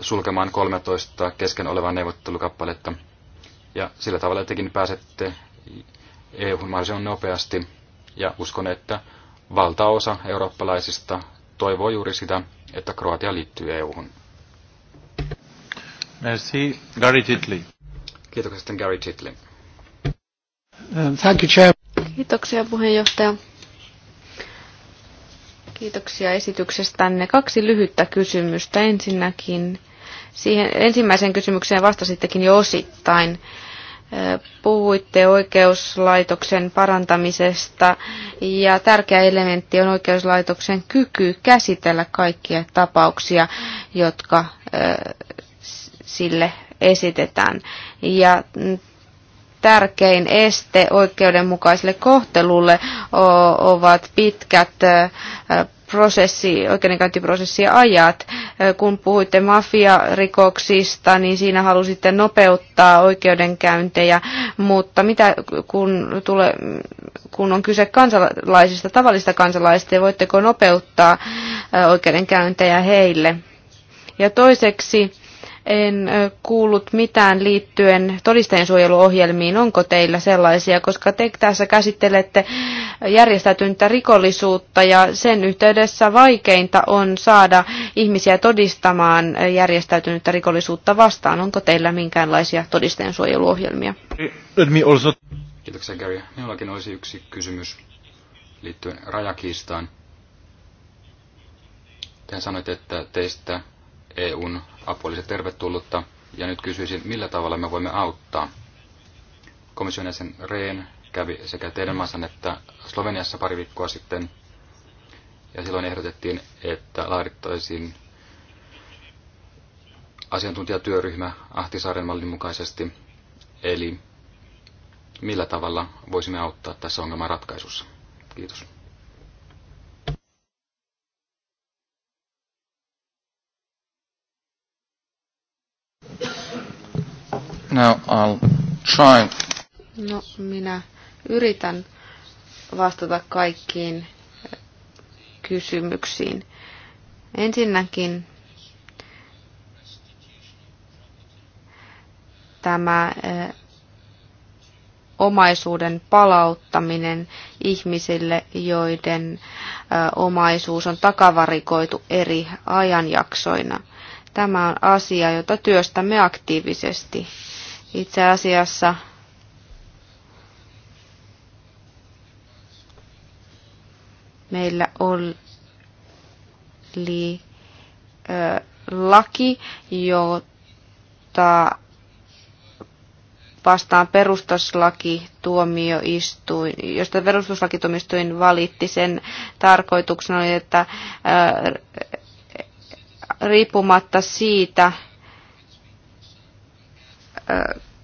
Speaker 1: sulkemaan 13 kesken olevaa neuvottelukappaletta. Ja sillä tavalla tekin pääsette EU-hun mahdollisimman nopeasti. Ja uskon, että valtaosa eurooppalaisista toivoo juuri sitä, että Kroatia liittyy EU-hun.
Speaker 2: Merci, Gary Titley.
Speaker 1: Kiitoksia sitten Gary Titley.
Speaker 2: Uh, thank you, Chair.
Speaker 3: Kiitoksia puheenjohtaja. Kiitoksia esityksestänne. Kaksi lyhyttä kysymystä. Ensinnäkin siihen ensimmäiseen kysymykseen vastasittekin jo osittain. Uh, puhuitte oikeuslaitoksen parantamisesta ja tärkeä elementti on oikeuslaitoksen kyky käsitellä kaikkia tapauksia, jotka uh, sille esitetään. Ja mm, tärkein este oikeudenmukaiselle kohtelulle ovat pitkät prosessi, oikeudenkäyntiprosessia ajat. Kun puhuitte mafiarikoksista, niin siinä halusitte nopeuttaa oikeudenkäyntejä, mutta mitä kun, tule, kun on kyse kansalaisista, tavallista kansalaisista, niin voitteko nopeuttaa oikeudenkäyntejä heille? Ja toiseksi en kuullut mitään liittyen todistajansuojeluohjelmiin. Onko teillä sellaisia, koska te tässä käsittelette järjestäytyntä rikollisuutta ja sen yhteydessä vaikeinta on saada ihmisiä todistamaan järjestäytynyttä rikollisuutta vastaan. Onko teillä minkäänlaisia todistajansuojeluohjelmia?
Speaker 1: Kiitoksia Gary. Minullakin olisi yksi kysymys liittyen rajakiistaan. Tehän sanoitte, että teistä EUn apu olisi tervetullutta. Ja nyt kysyisin, millä tavalla me voimme auttaa. Komission jäsen Rehn kävi sekä teidän maassanne että Sloveniassa pari viikkoa sitten. Ja silloin ehdotettiin, että laadittaisiin asiantuntijatyöryhmä Ahtisaaren mallin mukaisesti. Eli millä tavalla voisimme auttaa tässä ongelman ratkaisussa. Kiitos. Now I'll
Speaker 3: try. No, minä yritän vastata kaikkiin eh, kysymyksiin. Ensinnäkin tämä eh, omaisuuden palauttaminen ihmisille, joiden eh, omaisuus on takavarikoitu eri ajanjaksoina. Tämä on asia, jota työstämme aktiivisesti. Itse asiassa meillä oli ö, laki, jota vastaan perustuslaki tuomioistuin, josta perustuslakituomioistuin valitti. Sen tarkoituksena oli, että ö, riippumatta siitä,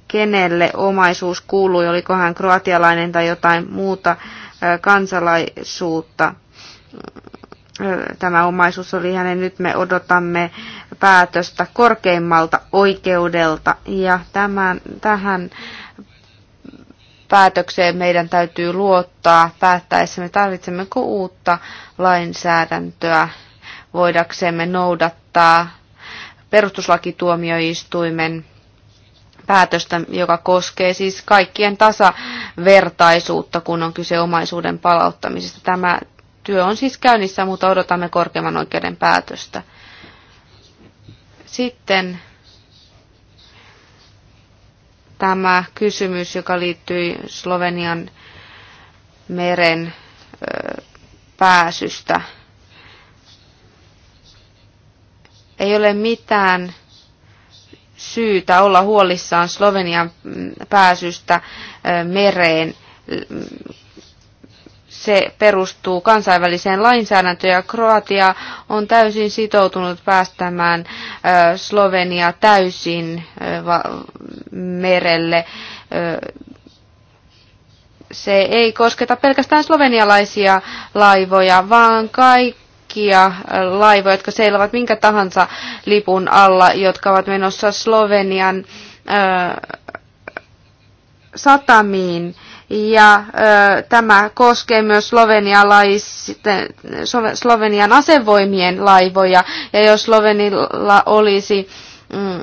Speaker 3: kenelle omaisuus kuului, oliko hän kroatialainen tai jotain muuta kansalaisuutta. Tämä omaisuus oli hänen, nyt me odotamme päätöstä korkeimmalta oikeudelta ja tämän, tähän päätökseen meidän täytyy luottaa me tarvitsemmeko uutta lainsäädäntöä voidaksemme noudattaa perustuslakituomioistuimen päätöstä, joka koskee siis kaikkien tasavertaisuutta, kun on kyse omaisuuden palauttamisesta. Tämä työ on siis käynnissä, mutta odotamme korkeimman oikeuden päätöstä. Sitten tämä kysymys, joka liittyi Slovenian meren pääsystä. Ei ole mitään syytä olla huolissaan Slovenian pääsystä mereen. Se perustuu kansainväliseen lainsäädäntöön ja Kroatia on täysin sitoutunut päästämään Slovenia täysin merelle se ei kosketa pelkästään slovenialaisia laivoja, vaan kaikki kaikkia laivoja, jotka seilavat minkä tahansa lipun alla, jotka ovat menossa Slovenian satamiin. Ja ö, tämä koskee myös Slovenian asevoimien laivoja. Ja jos Slovenilla olisi mm,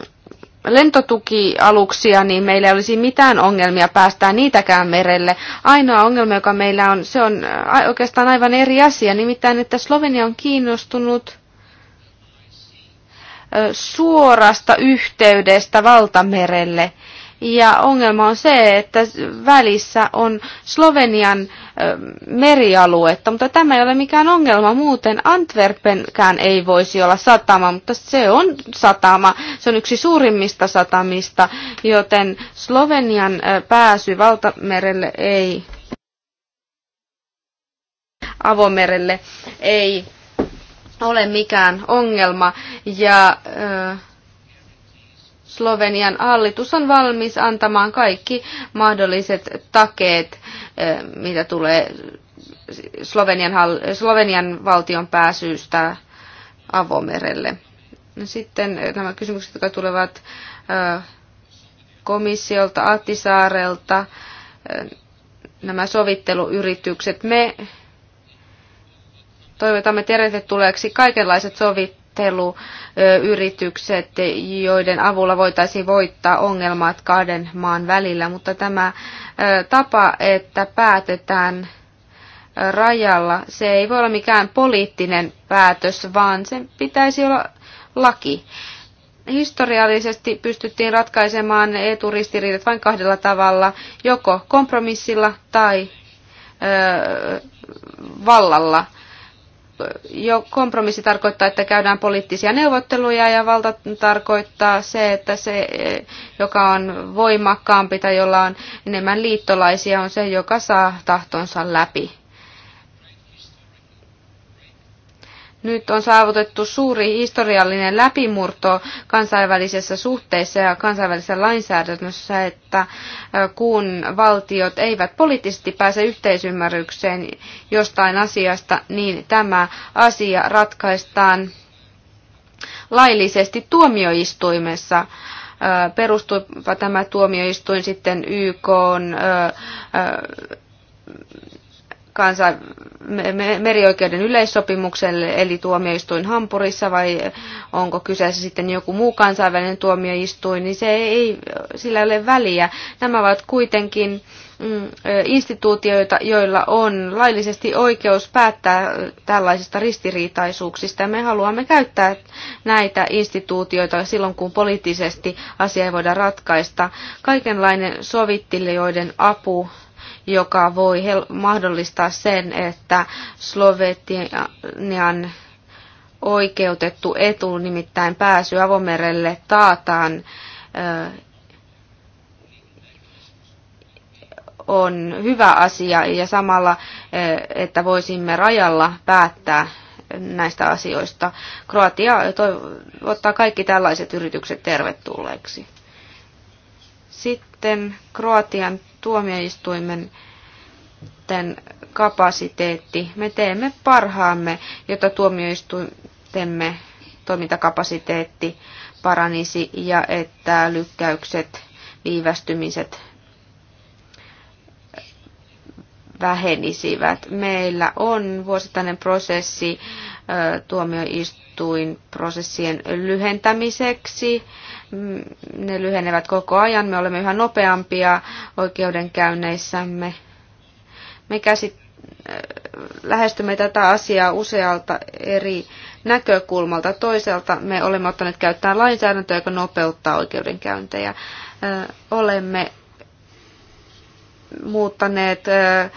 Speaker 3: lentotukialuksia, niin meillä ei olisi mitään ongelmia päästää niitäkään merelle. Ainoa ongelma, joka meillä on, se on äh, oikeastaan aivan eri asia, nimittäin että Slovenia on kiinnostunut äh, suorasta yhteydestä valtamerelle – ja ongelma on se, että välissä on Slovenian merialuetta, mutta tämä ei ole mikään ongelma. Muuten Antwerpenkään ei voisi olla satama, mutta se on satama. Se on yksi suurimmista satamista, joten Slovenian pääsy valtamerelle ei avomerelle ei ole mikään ongelma. Ja, äh, Slovenian hallitus on valmis antamaan kaikki mahdolliset takeet, eh, mitä tulee Slovenian, Slovenian valtion pääsyystä avomerelle. Sitten eh, nämä kysymykset, jotka tulevat eh, komissiolta, Ahtisaarelta, nämä sovitteluyritykset. Me toivotamme tervetulleeksi kaikenlaiset sovittelut neuvotteluyritykset, joiden avulla voitaisiin voittaa ongelmat kahden maan välillä, mutta tämä tapa, että päätetään rajalla, se ei voi olla mikään poliittinen päätös, vaan sen pitäisi olla laki historiallisesti pystyttiin ratkaisemaan eturistiriidat vain kahdella tavalla, joko kompromissilla tai ö, vallalla jo kompromissi tarkoittaa, että käydään poliittisia neuvotteluja ja valta tarkoittaa se, että se, joka on voimakkaampi tai jolla on enemmän liittolaisia, on se, joka saa tahtonsa läpi. Nyt on saavutettu suuri historiallinen läpimurto kansainvälisessä suhteessa ja kansainvälisessä lainsäädännössä, että kun valtiot eivät poliittisesti pääse yhteisymmärrykseen jostain asiasta, niin tämä asia ratkaistaan laillisesti tuomioistuimessa perustuipa tämä tuomioistuin sitten YK kansain, merioikeuden yleissopimukselle, eli tuomioistuin Hampurissa, vai onko kyseessä sitten joku muu kansainvälinen tuomioistuin, niin se ei, sillä ei ole väliä. Nämä ovat kuitenkin mm, instituutioita, joilla on laillisesti oikeus päättää tällaisista ristiriitaisuuksista. Me haluamme käyttää näitä instituutioita silloin, kun poliittisesti asia ei voida ratkaista. Kaikenlainen sovittelijoiden apu joka voi mahdollistaa sen, että Slovenian oikeutettu etu, nimittäin pääsy avomerelle, taataan on hyvä asia ja samalla, että voisimme rajalla päättää näistä asioista. Kroatia ottaa kaikki tällaiset yritykset tervetulleeksi. Sitten Kroatian tuomioistuimen kapasiteetti. Me teemme parhaamme, jotta tuomioistuimemme toimintakapasiteetti paranisi ja että lykkäykset, viivästymiset vähenisivät. Meillä on vuosittainen prosessi tuomioistuinprosessien lyhentämiseksi ne lyhenevät koko ajan. Me olemme yhä nopeampia oikeudenkäynneissämme. Me käsit, äh, lähestymme tätä asiaa usealta eri näkökulmalta. Toiselta me olemme ottaneet käyttää lainsäädäntöä, joka nopeuttaa oikeudenkäyntejä. Äh, olemme muuttaneet äh,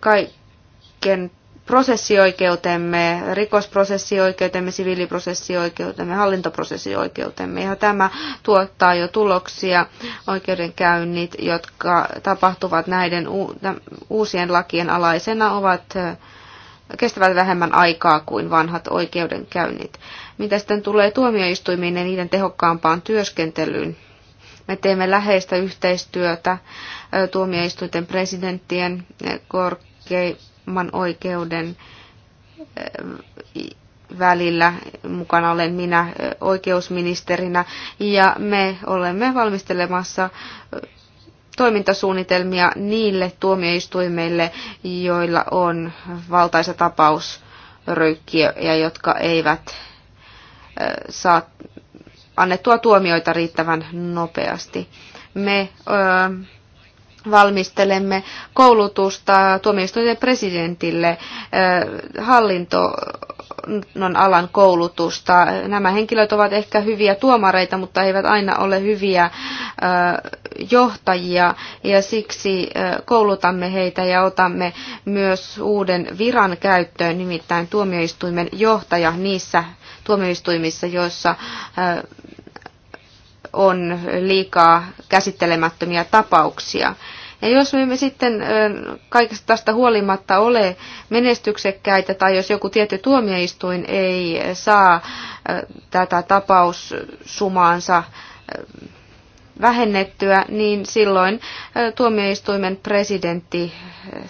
Speaker 3: kaiken prosessioikeutemme, rikosprosessioikeutemme, siviiliprosessioikeutemme, hallintoprosessioikeutemme. Ja tämä tuottaa jo tuloksia, oikeudenkäynnit, jotka tapahtuvat näiden uusien lakien alaisena, ovat äh, kestävät vähemmän aikaa kuin vanhat oikeudenkäynnit. Mitä sitten tulee tuomioistuimiin ja niiden tehokkaampaan työskentelyyn? Me teemme läheistä yhteistyötä äh, tuomioistuinten presidenttien äh, korkeimman vanhemman oikeuden eh, välillä. Mukana olen minä eh, oikeusministerinä ja me olemme valmistelemassa eh, toimintasuunnitelmia niille tuomioistuimille, joilla on valtaisa tapaus ja jotka eivät saa annettua tuomioita riittävän nopeasti. Me valmistelemme koulutusta tuomioistuinten presidentille, hallinnon alan koulutusta. Nämä henkilöt ovat ehkä hyviä tuomareita, mutta eivät aina ole hyviä johtajia ja siksi koulutamme heitä ja otamme myös uuden viran käyttöön, nimittäin tuomioistuimen johtaja niissä tuomioistuimissa, joissa on liikaa käsittelemättömiä tapauksia. Ja jos me emme sitten kaikesta tästä huolimatta ole menestyksekkäitä tai jos joku tietty tuomioistuin ei saa tätä tapaussumaansa vähennettyä, niin silloin tuomioistuimen presidentti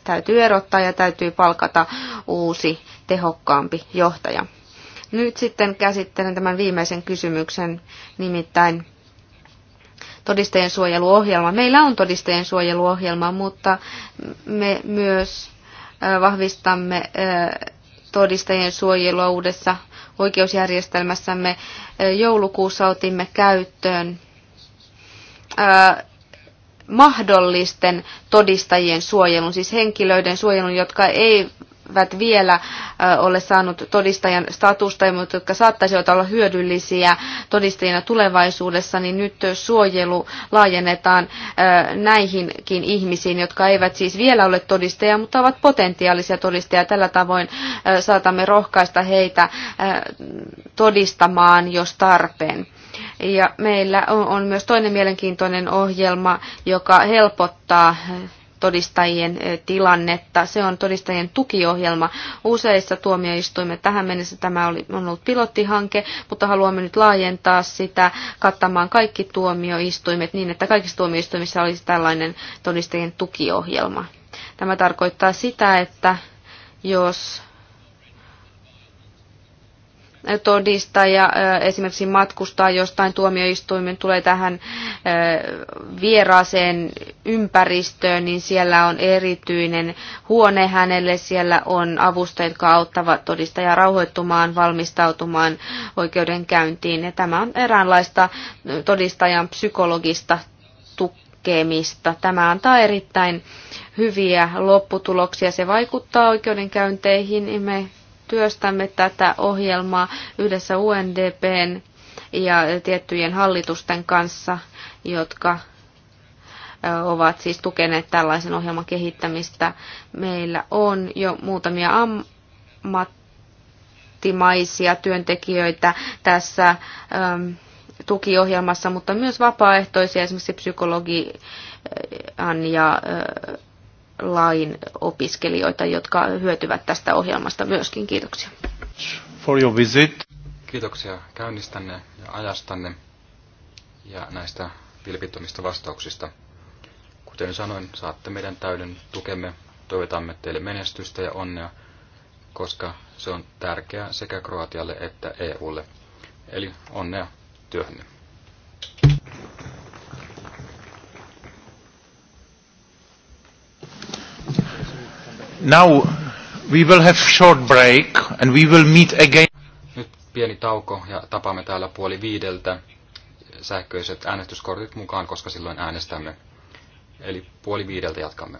Speaker 3: täytyy erottaa ja täytyy palkata uusi tehokkaampi johtaja. Nyt sitten käsittelen tämän viimeisen kysymyksen, nimittäin todistajansuojeluohjelma. suojeluohjelma. Meillä on todistajansuojeluohjelma, suojeluohjelma, mutta me myös vahvistamme todistajien suojelua uudessa oikeusjärjestelmässämme. Joulukuussa otimme käyttöön mahdollisten todistajien suojelun, siis henkilöiden suojelun, jotka ei eivät vielä ole saanut todistajan statusta, mutta jotka saattaisivat olla hyödyllisiä todistajina tulevaisuudessa, niin nyt suojelu laajennetaan näihinkin ihmisiin, jotka eivät siis vielä ole todistajia, mutta ovat potentiaalisia todistajia. Tällä tavoin saatamme rohkaista heitä todistamaan, jos tarpeen. Ja meillä on myös toinen mielenkiintoinen ohjelma, joka helpottaa todistajien eh, tilannetta. Se on todistajien tukiohjelma useissa tuomioistuimissa. Tähän mennessä tämä oli, on ollut pilottihanke, mutta haluamme nyt laajentaa sitä kattamaan kaikki tuomioistuimet niin, että kaikissa tuomioistuimissa olisi tällainen todistajien tukiohjelma. Tämä tarkoittaa sitä, että jos todistaja esimerkiksi matkustaa jostain tuomioistuimen, tulee tähän vieraaseen ympäristöön, niin siellä on erityinen huone hänelle, siellä on avustajat, jotka auttavat todistajaa rauhoittumaan, valmistautumaan oikeudenkäyntiin. Ja tämä on eräänlaista todistajan psykologista tukemista. Tämä antaa erittäin hyviä lopputuloksia. Se vaikuttaa oikeudenkäynteihin. Me työstämme tätä ohjelmaa yhdessä UNDPn ja tiettyjen hallitusten kanssa, jotka ovat siis tukeneet tällaisen ohjelman kehittämistä. Meillä on jo muutamia ammattimaisia työntekijöitä tässä tukiohjelmassa, mutta myös vapaaehtoisia, esimerkiksi psykologian ja lain opiskelijoita, jotka hyötyvät tästä ohjelmasta myöskin. Kiitoksia.
Speaker 2: For your visit. Kiitoksia
Speaker 1: käynnistänne ja ajastanne ja näistä vilpittömistä vastauksista. Kuten sanoin, saatte meidän täyden tukemme. Toivotamme teille menestystä ja onnea, koska se on tärkeää sekä Kroatialle että EUlle. Eli onnea työhönne.
Speaker 2: Now we will have short break and we will meet again.
Speaker 1: Nyt pieni tauko ja tapaamme täällä puoli viideltä sähköiset äänestyskortit mukaan, koska silloin äänestämme. Eli puoli viideltä jatkamme.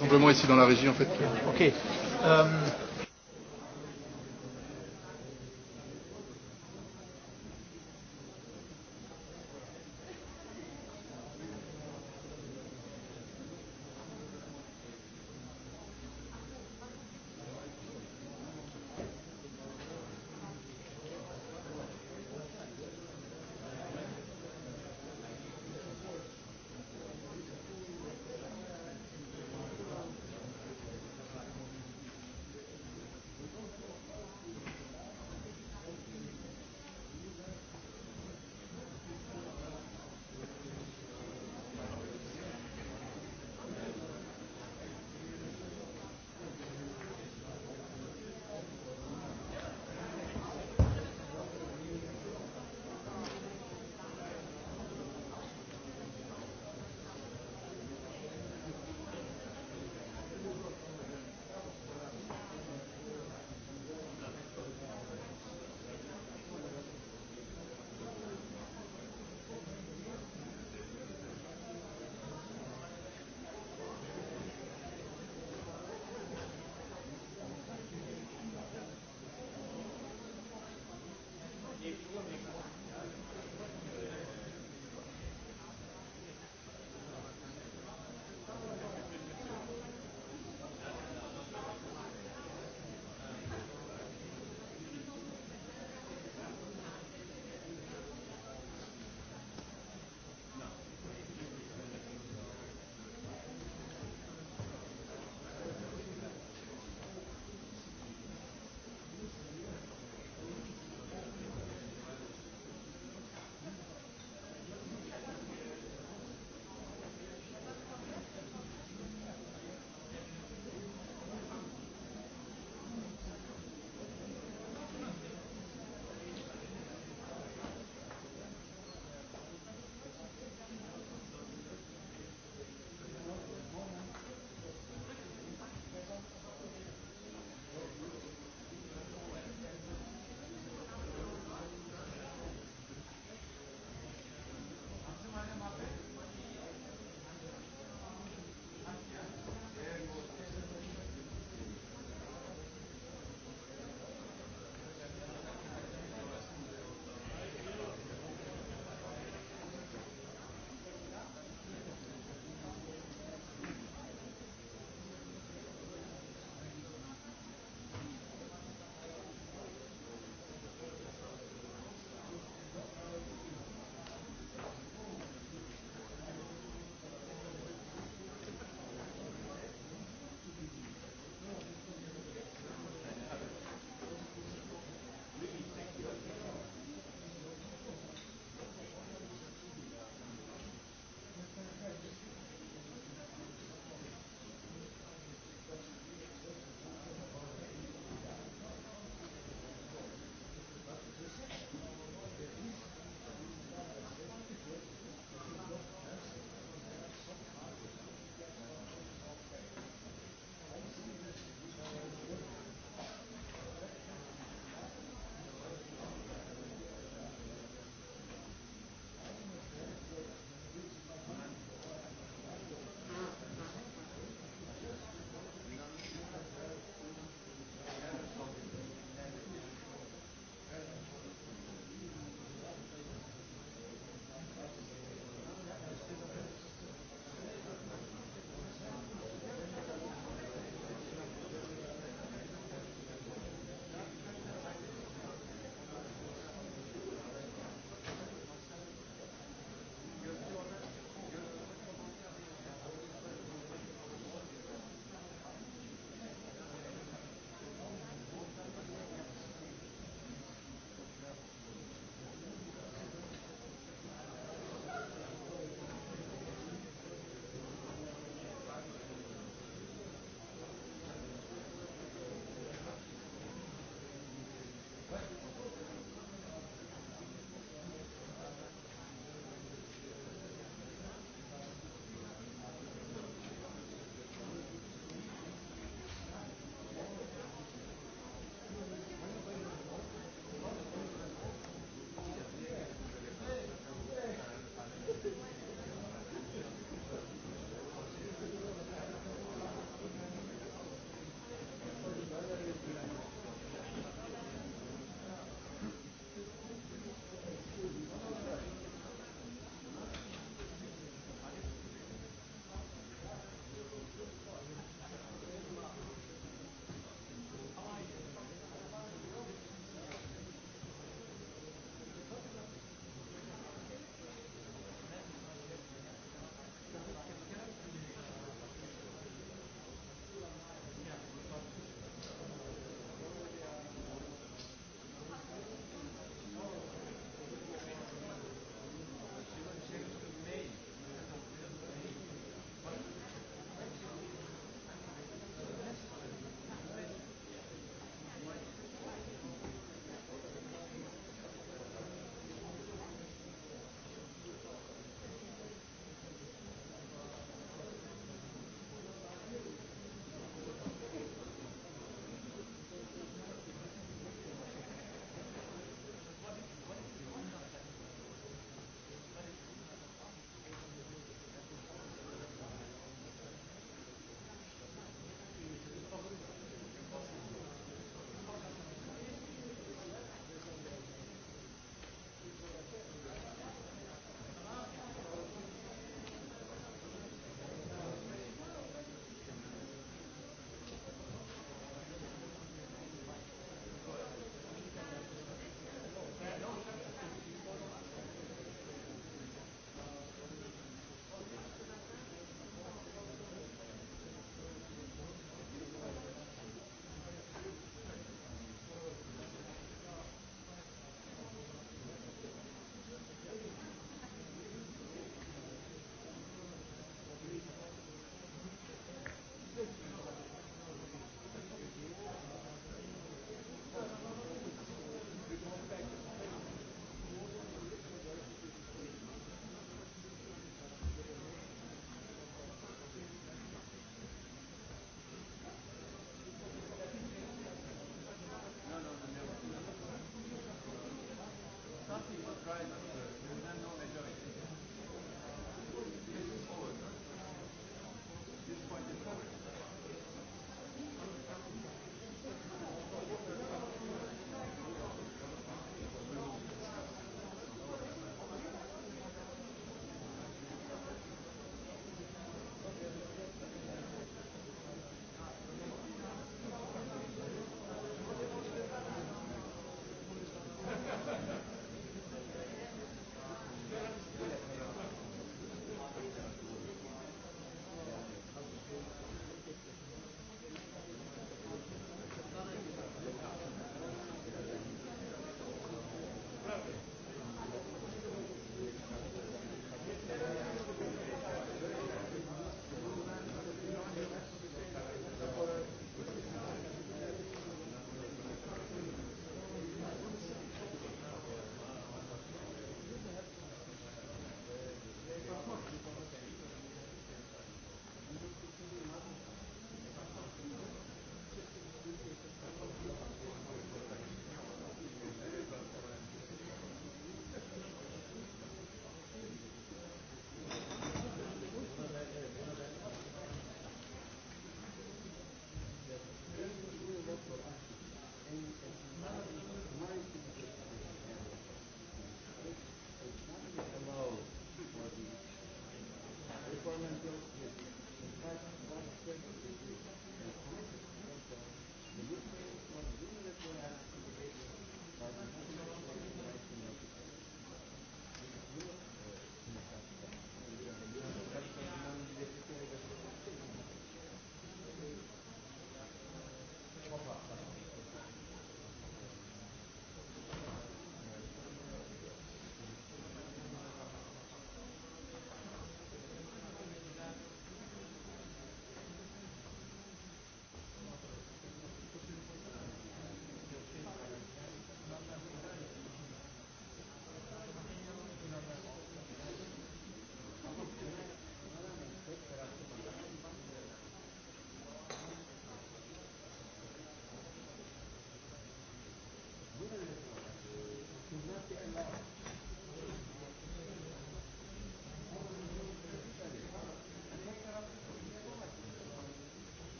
Speaker 4: Simplement ici dans la région en fait. Ok.
Speaker 2: Euh,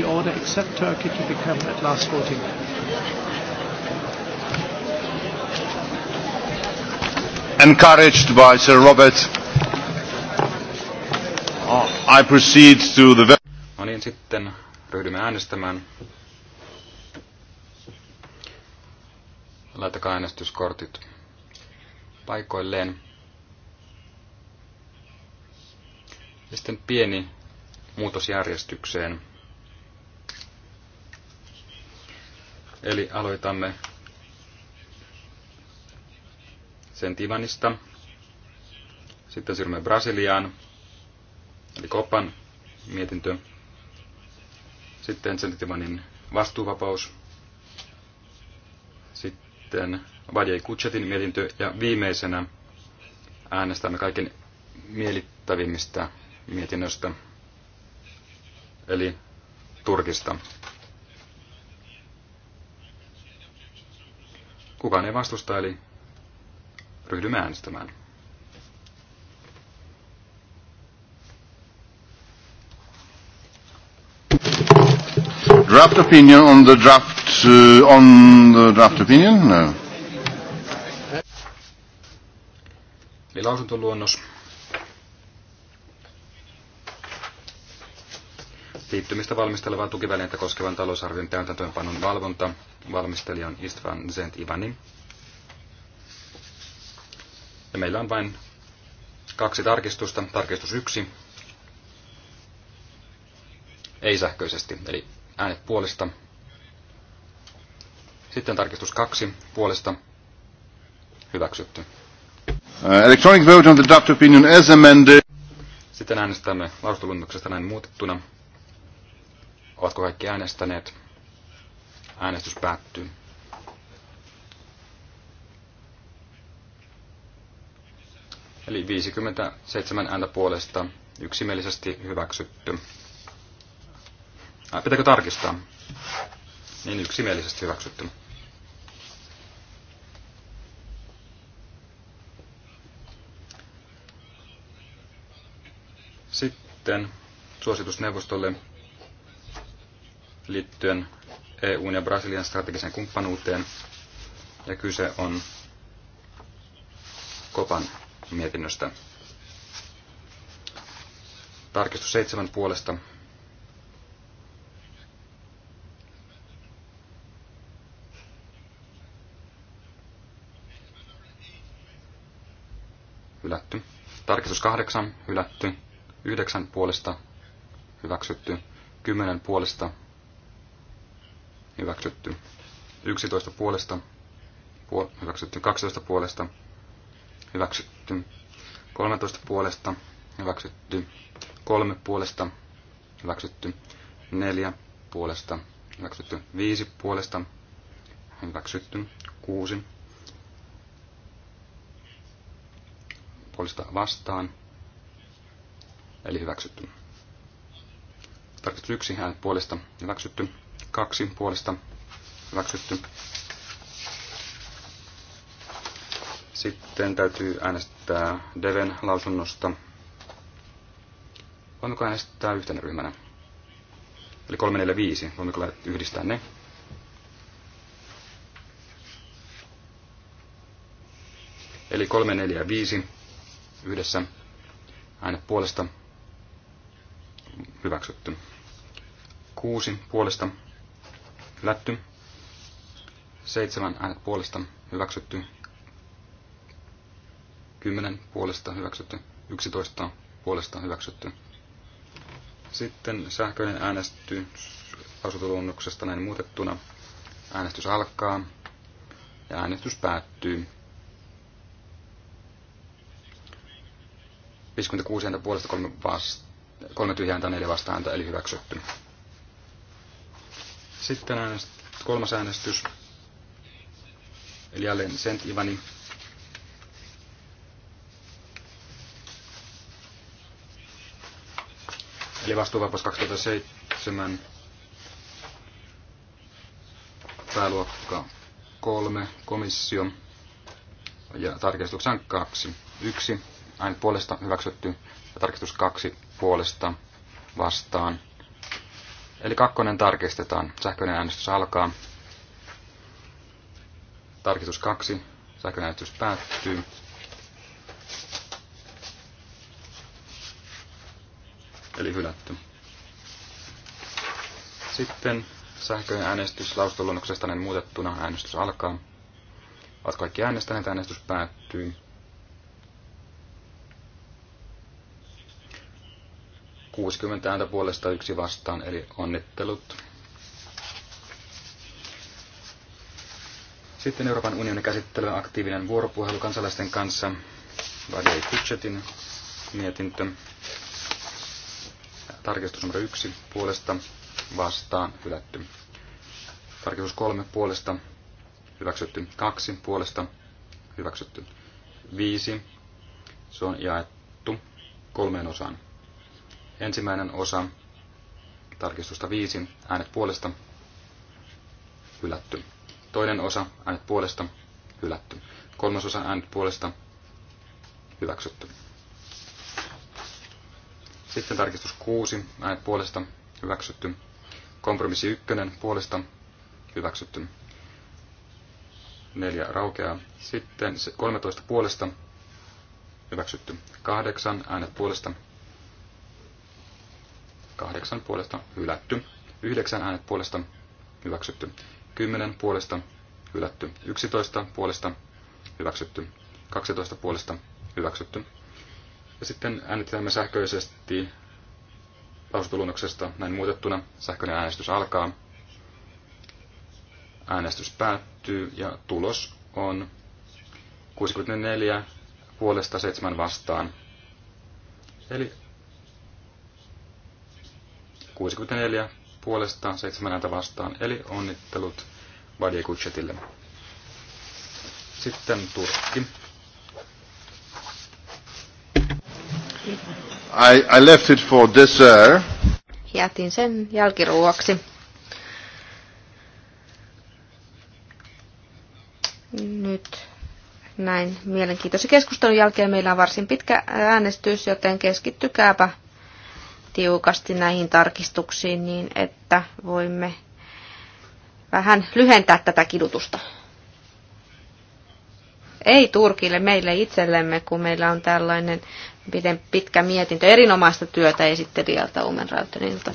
Speaker 2: the order except Turkey to become at last voting.
Speaker 4: Encouraged by Sir Robert, I proceed to the...
Speaker 1: No niin, sitten ryhdymme äänestämään. Laitakaa äänestyskortit paikoilleen. Ja sitten pieni muutosjärjestykseen. järjestykseen. Eli aloitamme Sentivanista. Sitten siirrymme Brasiliaan, eli Kopan mietintö. Sitten Sentivanin vastuuvapaus. Sitten Vadjei Kutsetin mietintö. Ja viimeisenä äänestämme kaiken mielittävimmistä mietinnöstä, eli Turkista. Kukaan ei vastusta, eli ryhdymme äänestämään.
Speaker 4: Draft opinion on the draft uh, on the draft opinion? No.
Speaker 1: Eli lausuntoluonnos. liittymistä valmistelevan tukivälineitä koskevan talousarvion täytäntöönpanon valvonta. Valmistelija on Istvan Zent Ivani. Ja meillä on vain kaksi tarkistusta. Tarkistus yksi. Ei sähköisesti, eli äänet puolesta. Sitten tarkistus kaksi puolesta. Hyväksytty.
Speaker 4: Uh, electronic vote on the draft opinion as amended. Sitten
Speaker 1: äänestämme lausuntoluonnoksesta näin muutettuna. Ovatko kaikki äänestäneet? Äänestys päättyy. Eli 57 ääntä puolesta yksimielisesti hyväksytty. Ää, pitääkö tarkistaa? Niin yksimielisesti hyväksytty. Sitten suositusneuvostolle liittyen EUn ja Brasilian strategiseen kumppanuuteen. Ja kyse on Kopan mietinnöstä. Tarkistus seitsemän puolesta. Hylätty. Tarkistus kahdeksan. Hylätty. Yhdeksän puolesta. Hyväksytty. Kymmenen puolesta hyväksytty 11 puolesta, puol- hyväksytty 12 puolesta, hyväksytty 13 puolesta, hyväksytty 3 puolesta, hyväksytty 4 puolesta, hyväksytty 5 puolesta, hyväksytty 6 puolesta vastaan, eli hyväksytty. Tarkistus 1 äänet puolesta, hyväksytty kaksi puolesta hyväksytty. Sitten täytyy äänestää Deven lausunnosta. Voimmeko äänestää yhtenä ryhmänä? Eli 3, 4, 5. Voimmeko yhdistää ne? Eli 3, 4, 5 yhdessä äänet puolesta hyväksytty. Kuusi puolesta Hylätty. Seitsemän äänet puolesta hyväksytty. Kymmenen puolesta hyväksytty. Yksitoista puolesta hyväksytty. Sitten sähköinen äänestys asutulunnuksesta näin muutettuna. Äänestys alkaa ja äänestys päättyy. 56 ääntä puolesta, 3, vasta, 3 tyhjää ääntä, 4 vasta ääntä, eli hyväksytty. Sitten äänestys, kolmas äänestys, eli jälleen Sent Ivani. Eli vastuuvapaus 2007, pääluokka 3, komissio ja tarkistuksen 2. 1, aina puolesta hyväksytty ja tarkistus 2 puolesta vastaan Eli kakkonen tarkistetaan. Sähköinen äänestys alkaa. Tarkistus kaksi. Sähköinen äänestys päättyy. Eli hylätty. Sitten sähköinen äänestys lausuntoluonnoksesta näin muutettuna. Äänestys alkaa. Ovat kaikki äänestäneet. Äänestys päättyy. 60 ääntä puolesta yksi vastaan, eli onnittelut. Sitten Euroopan unionin käsittely aktiivinen vuoropuhelu kansalaisten kanssa. Vadei Kutsetin mietintö. Tarkistus numero yksi puolesta vastaan hylätty. Tarkistus kolme puolesta hyväksytty. Kaksi puolesta hyväksytty. Viisi. Se on jaettu kolmeen osaan. Ensimmäinen osa tarkistusta viisi äänet puolesta, hylätty. Toinen osa, äänet puolesta, hylätty. Kolmas osa, äänet puolesta, hyväksytty. Sitten tarkistus 6, äänet puolesta, hyväksytty. Kompromissi 1, puolesta, hyväksytty. Neljä raukeaa. Sitten 13 puolesta, hyväksytty. Kahdeksan, äänet puolesta, kahdeksan puolesta hylätty, yhdeksän äänet puolesta hyväksytty, kymmenen puolesta hylätty, yksitoista puolesta hyväksytty, kaksitoista puolesta hyväksytty. Ja sitten äänestämme sähköisesti lausutulunnoksesta näin muutettuna. Sähköinen äänestys alkaa. Äänestys päättyy ja tulos on 64 puolesta 7 vastaan. Eli 64 puolestaan 7 vastaan, eli onnittelut Vadia Kutsetille. Sitten Turkki.
Speaker 4: I, I left it for dessert.
Speaker 3: Jätin sen jälkiruoksi. Nyt näin mielenkiintoisen keskustelun jälkeen meillä on varsin pitkä äänestys, joten keskittykääpä tiukasti näihin tarkistuksiin niin, että voimme vähän lyhentää tätä kidutusta. Ei Turkille, meille itsellemme, kun meillä on tällainen miten pitkä mietintö. Erinomaista työtä esittelijältä Omen Rautenilta.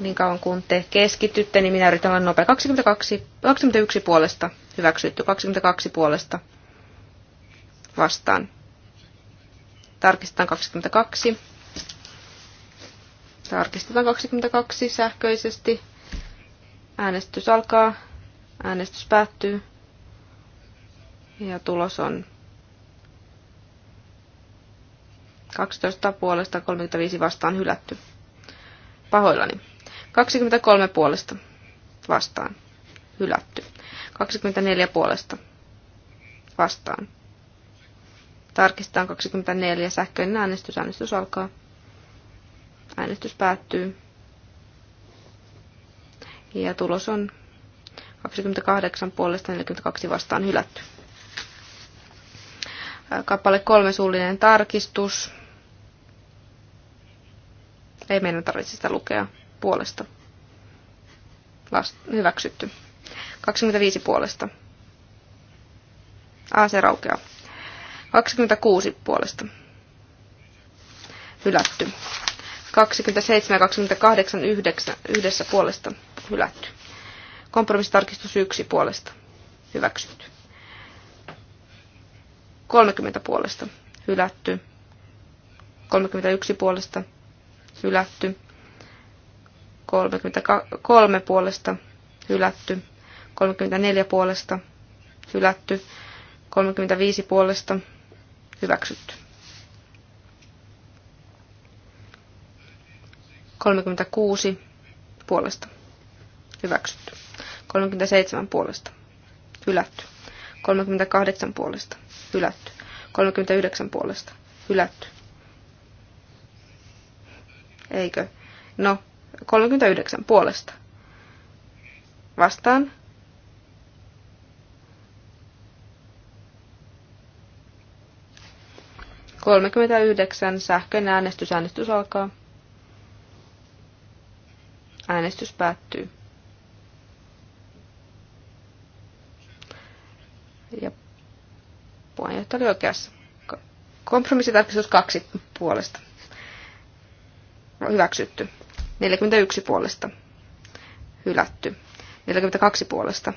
Speaker 3: Niin kauan kun te keskitytte, niin minä yritän olla nopea. 22, 21 puolesta hyväksytty, 22 puolesta vastaan Tarkistetaan 22. Tarkistetaan 22 sähköisesti. Äänestys alkaa. Äänestys päättyy. Ja tulos on 12 puolesta 35 vastaan hylätty. Pahoillani. 23 puolesta vastaan hylätty. 24 puolesta vastaan Tarkistetaan 24. Sähköinen äänestys. Äänestys alkaa. Äänestys päättyy. Ja tulos on 28 puolesta 42 vastaan hylätty. Kappale kolme suullinen tarkistus. Ei meidän tarvitse sitä lukea puolesta. Last, hyväksytty. 25 puolesta. A, se raukeaa. 26 puolesta. Hylätty. 27 ja 28 yhdeksä, yhdessä puolesta hylätty. Kompromissitarkistus 1 puolesta hyväksytty. 30 puolesta hylätty. 31 puolesta hylätty. 33 puolesta hylätty. 34 puolesta hylätty. 35 puolesta Hyväksytty. 36 puolesta. Hyväksytty. 37 puolesta. Hylätty. 38 puolesta. Hylätty. 39 puolesta. Hylätty. Eikö? No, 39 puolesta. Vastaan. 39. Sähköinen äänestys. Äänestys alkaa. Äänestys päättyy. Ja puheenjohtaja oli oikeassa. Kompromissitarkistus kaksi puolesta. Hyväksytty. 41 puolesta. Hylätty. 42 puolesta.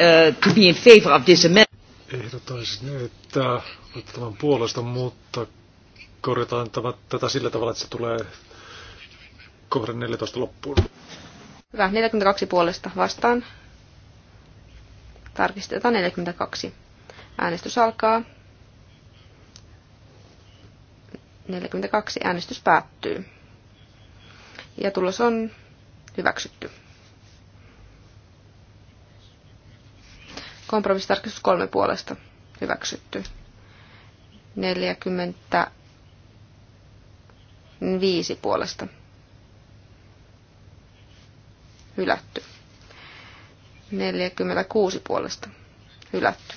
Speaker 2: uh, to be in favor of this amendment. Ehdottaisin, että tämän puolesta, mutta korjataan tämä, tätä sillä tavalla, että se tulee kohden 14 loppuun.
Speaker 3: Hyvä, 42 puolesta vastaan. Tarkistetaan 42. Äänestys alkaa. 42 äänestys päättyy. Ja tulos on hyväksytty. Kompromissitarkistus kolme puolesta hyväksytty. 45 puolesta hylätty. 46 puolesta hylätty.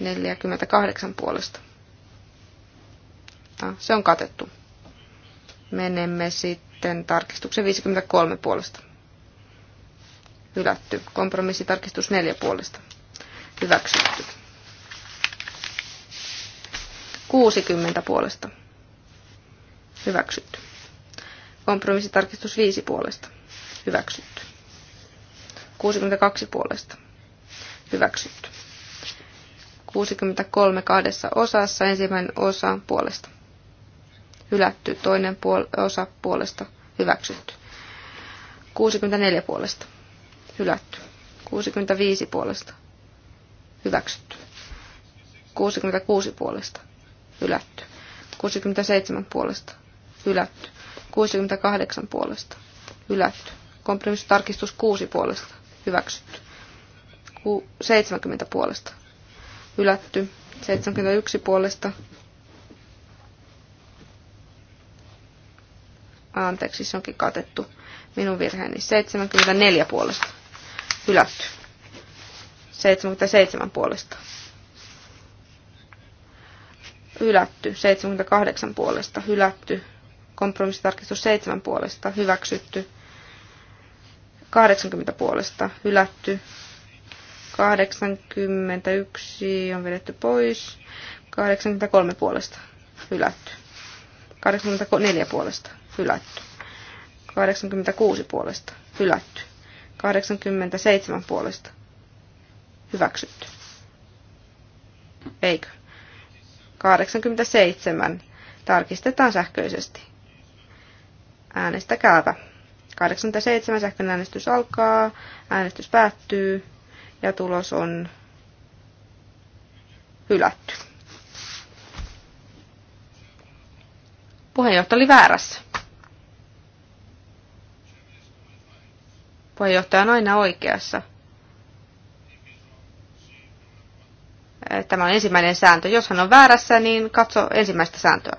Speaker 3: 48 puolesta. Ah, se on katettu. Menemme sitten tarkistuksen 53 puolesta hylätty. Kompromissitarkistus neljä puolesta hyväksytty. 60 puolesta hyväksytty. Kompromissitarkistus 5 puolesta hyväksytty. 62 puolesta hyväksytty. 63 kahdessa osassa ensimmäinen osa puolesta hylätty, toinen puol- osa puolesta hyväksytty. 64 puolesta Hylätty. 65 puolesta. Hyväksytty. 66 puolesta. Hylätty. 67 puolesta. Hylätty. 68 puolesta. Hylätty. Kompromissitarkistus 6 puolesta. Hyväksytty. 70 puolesta. Hylätty. 71 puolesta. Anteeksi, se onkin katettu minun virheeni. 74 puolesta hylätty. 77 puolesta. Hylätty. 78 puolesta. Hylätty. Kompromissitarkistus 7 puolesta. Hyväksytty. 80 puolesta. Hylätty. 81 on vedetty pois. 83 puolesta. Hylätty. 84 puolesta. Hylätty. 86 puolesta. Hylätty. 87 puolesta. Hyväksytty. Eikö? 87. Tarkistetaan sähköisesti. Äänestäkääpä. 87 sähkön äänestys alkaa, äänestys päättyy ja tulos on hylätty. Puheenjohtaja oli väärässä. Puheenjohtaja on aina oikeassa. Tämä on ensimmäinen sääntö. Jos hän on väärässä, niin katso ensimmäistä sääntöä.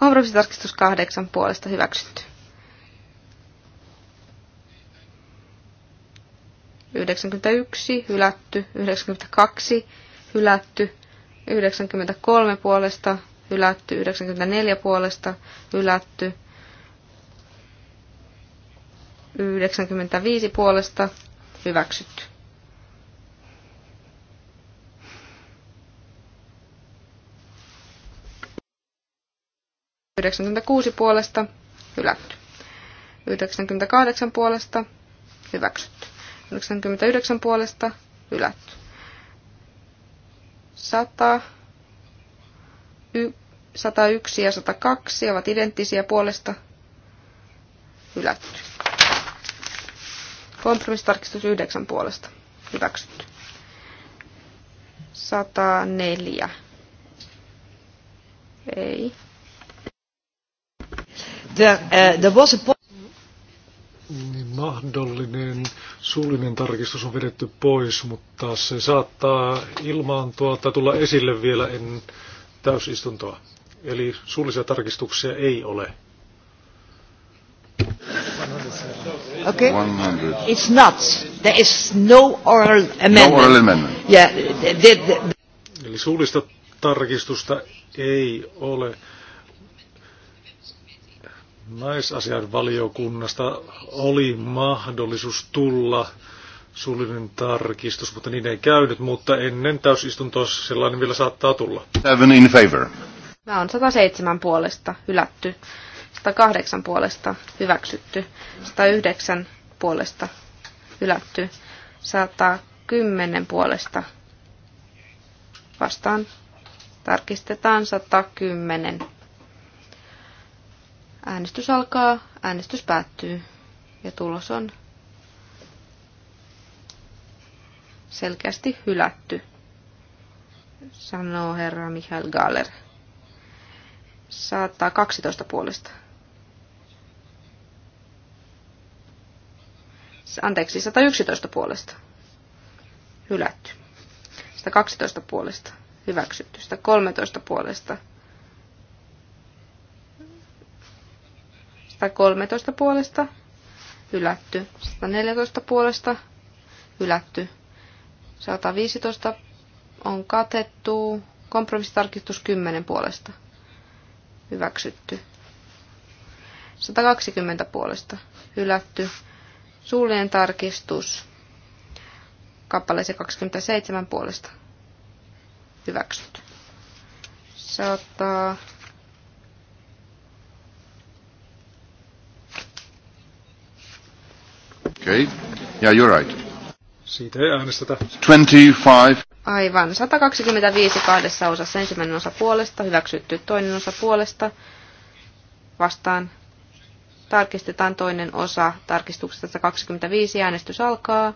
Speaker 3: Kompromissitarkistus kahdeksan puolesta hyväksytty. 91 hylätty, 92 hylätty, 93 puolesta hylätty, 94 puolesta hylätty, 95 puolesta hyväksytty. Yhdeksänkymmentäkuusi puolesta hylätty. 98 puolesta hyväksytty. 99 puolesta hylätty. 100 101 ja 102 ovat identtisiä puolesta hylätty. Kompromissitarkistus 9 puolesta hyväksytty. 104. Ei.
Speaker 2: There, uh, there was a niin mahdollinen suullinen tarkistus on vedetty pois, mutta se saattaa ilmaantua tai tulla esille vielä en täysistuntoa. Eli suullisia tarkistuksia ei ole. Okay. 100. It's not. There is no oral amendment. No oral amendment. Yeah, the, the, the. Eli suullista tarkistusta ei ole. Naisasian valiokunnasta oli mahdollisuus tulla suullinen tarkistus, mutta niin ei käynyt, mutta ennen täysistuntoa sellainen vielä saattaa tulla.
Speaker 4: Seven in favor.
Speaker 3: Mä on 107 puolesta hylätty, 108 puolesta hyväksytty, 109 puolesta hylätty, 110 puolesta vastaan. Tarkistetaan 110. Äänestys alkaa, äänestys päättyy ja tulos on selkeästi hylätty, sanoo herra Michael Galler. Saattaa 12 puolesta. Anteeksi, 111 puolesta. Hylätty. 112 puolesta. Hyväksytty. 113 puolesta. 113 puolesta. Hylätty. 114 puolesta. Hylätty. 115 on katettu. Kompromissitarkistus 10 puolesta. Hyväksytty. 120 puolesta. Hylätty. Suullinen tarkistus. Kappaleeseen 27 puolesta. Hyväksytty. 100. 100.
Speaker 4: Okay. Yeah, you're right.
Speaker 2: Siitä ei äänestetä.
Speaker 4: 25.
Speaker 3: Aivan. 125 kahdessa osassa. Ensimmäinen osa puolesta. Hyväksytty. Toinen osa puolesta. Vastaan. Tarkistetaan toinen osa. Tarkistuksesta 125. Äänestys alkaa.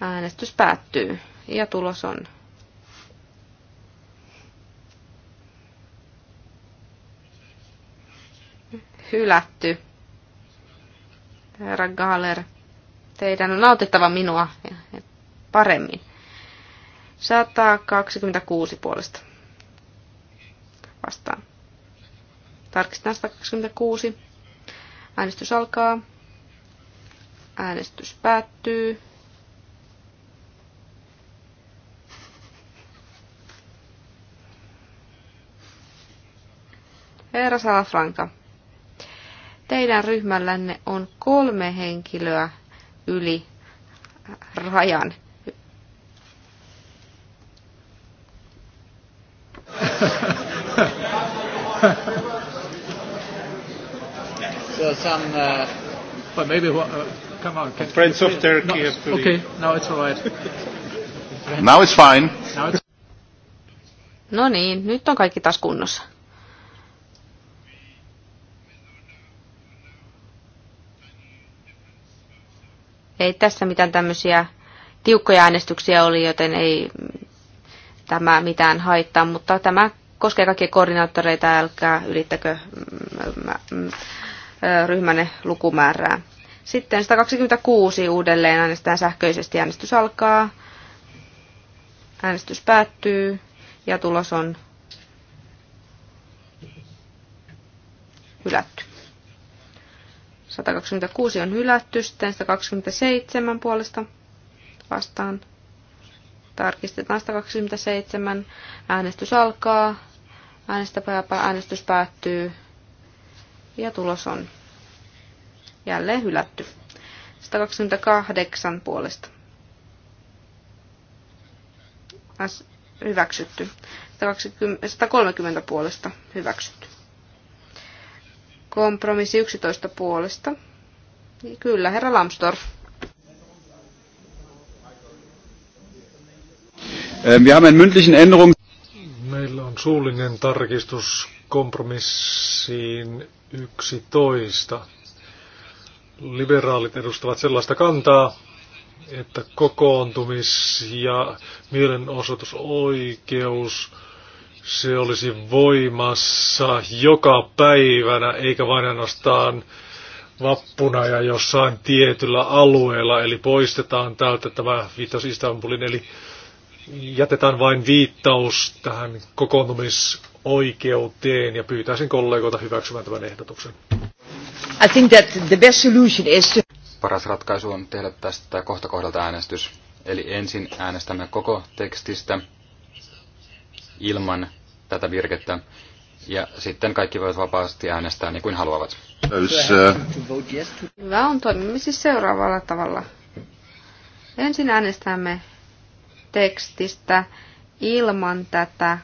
Speaker 3: Äänestys päättyy. Ja tulos on hylätty. Herra Galler teidän on autettava minua paremmin. 126 puolesta vastaan. Tarkistetaan 126. Äänestys alkaa. Äänestys päättyy. Herra Salafranka. teidän ryhmällänne on kolme henkilöä, yli rajan.
Speaker 4: so some, uh, but maybe uh, come on. Can, friends of no, Turkey. No, have okay, now it's all right. now it's fine.
Speaker 3: Now it's... No niin, nyt on kaikki taas kunnossa. Ei tässä mitään tämmöisiä tiukkoja äänestyksiä oli, joten ei tämä mitään haittaa, mutta tämä koskee kaikkia koordinaattoreita, älkää ylittäkö mm, mm, mm, ryhmänne lukumäärää. Sitten 126 uudelleen äänestetään sähköisesti. Äänestys alkaa, äänestys päättyy ja tulos on hylätty. 126 on hylätty, sitten 127 puolesta vastaan. Tarkistetaan 127. Äänestys alkaa. äänestys päättyy. Ja tulos on jälleen hylätty. 128 puolesta. hyväksytty. 130 puolesta hyväksytty. Kompromissi 11 puolesta. Kyllä, herra Lamstorf.
Speaker 4: Ähm, wir haben einen mündlichen Änderung.
Speaker 2: Meillä on suullinen tarkistus kompromissiin 11. Liberaalit edustavat sellaista kantaa, että kokoontumis- ja mielenosoitusoikeus – se olisi voimassa joka päivänä, eikä vain ainoastaan vappuna ja jossain tietyllä alueella, eli poistetaan täältä tämä viittaus Istanbulin, eli jätetään vain viittaus tähän kokoontumisoikeuteen ja pyytäisin kollegoita hyväksymään tämän ehdotuksen.
Speaker 1: I think that the best solution is to... Paras ratkaisu on tehdä tästä kohta kohdalta äänestys. Eli ensin äänestämme koko tekstistä ilman tätä virkettä. Ja sitten kaikki voivat vapaasti äänestää niin kuin haluavat.
Speaker 3: Hyvä on, toimimme siis seuraavalla tavalla. Ensin äänestämme tekstistä ilman tätä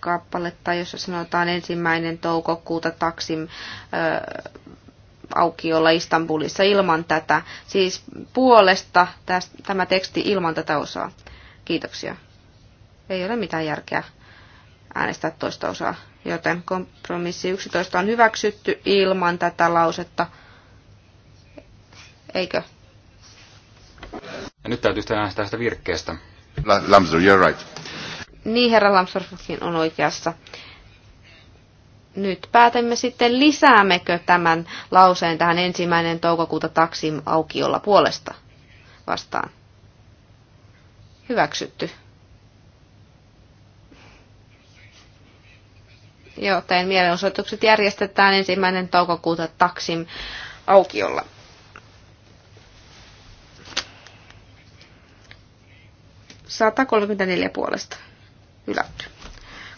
Speaker 3: kappaletta, jossa sanotaan ensimmäinen toukokuuta taksim ö, aukiolla Istanbulissa ilman tätä. Siis puolesta täst, tämä teksti ilman tätä osaa. Kiitoksia. Ei ole mitään järkeä äänestää toista osaa, joten kompromissi 11 on hyväksytty ilman tätä lausetta. Eikö?
Speaker 1: Ja nyt täytyy sitten äänestää sitä virkkeestä. Lamsdorff, you're right.
Speaker 3: Niin, herra Lamsdorffkin on oikeassa. Nyt päätämme sitten, lisäämmekö tämän lauseen tähän ensimmäinen toukokuuta taksin aukiolla puolesta vastaan. Hyväksytty. joten mielenosoitukset järjestetään ensimmäinen toukokuuta taksin aukiolla. neljä puolesta hylätty.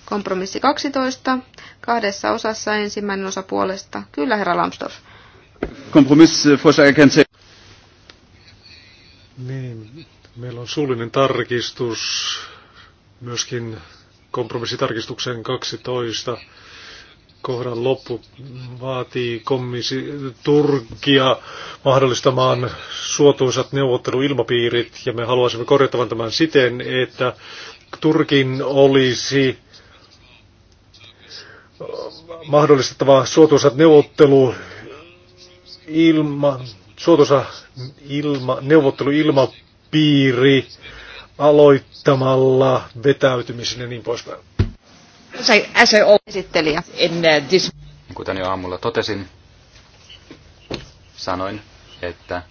Speaker 3: Kompromissi 12, kahdessa osassa ensimmäinen osa puolesta. Kyllä, herra Lambsdorff.
Speaker 1: voisi eh, erkennt
Speaker 2: Niin, meillä on suullinen tarkistus myöskin kompromissitarkistuksen 12 kohdan loppu vaatii komisi Turkia mahdollistamaan suotuisat neuvotteluilmapiirit ja me haluaisimme korjattavan tämän siten, että Turkin olisi mahdollistettava suotuisat neuvottelu ilma, suotuisa ilma, neuvotteluilmapiiri aloittamalla vetäytymisen ja niin poispäin.
Speaker 3: As I esittelijä. Uh,
Speaker 1: Kuten jo aamulla totesin, sanoin, että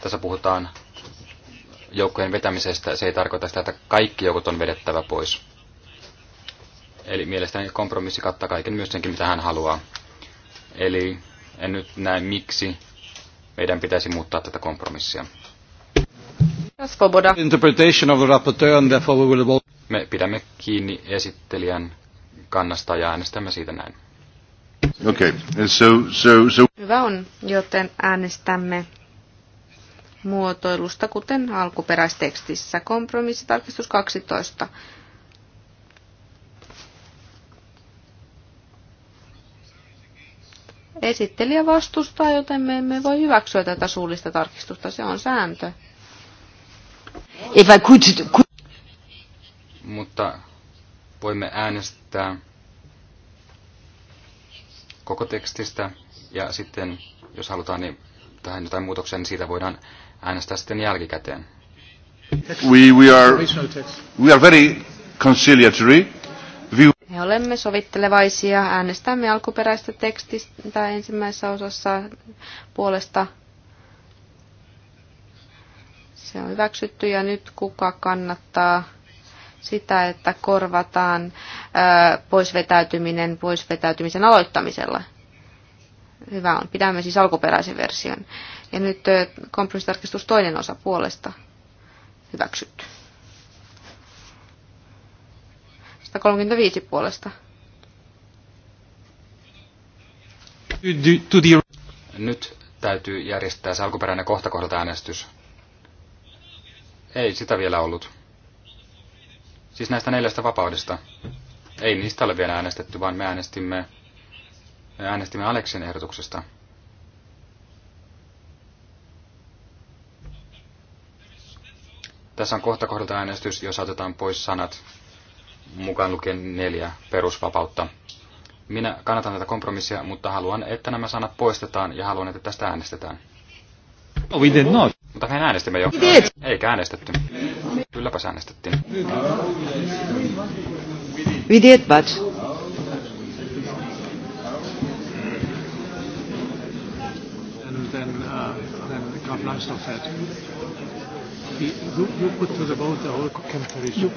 Speaker 1: tässä puhutaan joukkojen vetämisestä. Se ei tarkoita sitä, että kaikki joukot on vedettävä pois. Eli mielestäni kompromissi kattaa kaiken myös senkin, mitä hän haluaa. Eli en nyt näe, miksi meidän pitäisi muuttaa tätä kompromissia.
Speaker 2: Interpretation of
Speaker 1: Me pidämme kiinni esittelijän kannasta ja äänestämme siitä näin.
Speaker 4: Okay. So, so, so.
Speaker 3: Hyvä on, joten äänestämme muotoilusta, kuten alkuperäistekstissä. Kompromissitarkistus 12. Esittelijä vastustaa, joten me emme voi hyväksyä tätä suullista tarkistusta. Se on sääntö. If I could, could...
Speaker 1: Mutta voimme äänestää koko tekstistä ja sitten, jos halutaan niin tähän jotain muutoksia, niin siitä voidaan äänestää sitten jälkikäteen.
Speaker 4: We, we, are, no we are very conciliatory. We...
Speaker 3: Me olemme sovittelevaisia. Äänestämme alkuperäistä tekstistä ensimmäisessä osassa puolesta se on hyväksytty ja nyt kuka kannattaa sitä, että korvataan poisvetäytyminen poisvetäytymisen aloittamisella. Hyvä on. Pidämme siis alkuperäisen version. Ja nyt kompromissitarkistus toinen osa puolesta hyväksytty. 135 puolesta.
Speaker 1: Nyt täytyy järjestää se alkuperäinen kohtakohdalta äänestys. Ei sitä vielä ollut. Siis näistä neljästä vapaudesta. Ei niistä ole vielä äänestetty, vaan me äänestimme, me äänestimme Aleksin ehdotuksesta. Tässä on kohta kohdalta äänestys, jos otetaan pois sanat mukaan lukien neljä perusvapautta. Minä kannatan tätä kompromissia, mutta haluan, että nämä sanat poistetaan ja haluan, että tästä äänestetään.
Speaker 2: No, we did not.
Speaker 1: Mutta mehän äänestimme jo. Ei äänestetty. Kylläpäs äänestettiin.
Speaker 4: We did, but...
Speaker 2: Then, uh, then Graf Lambsdorff said, you, you put to the vote the whole chemical issue.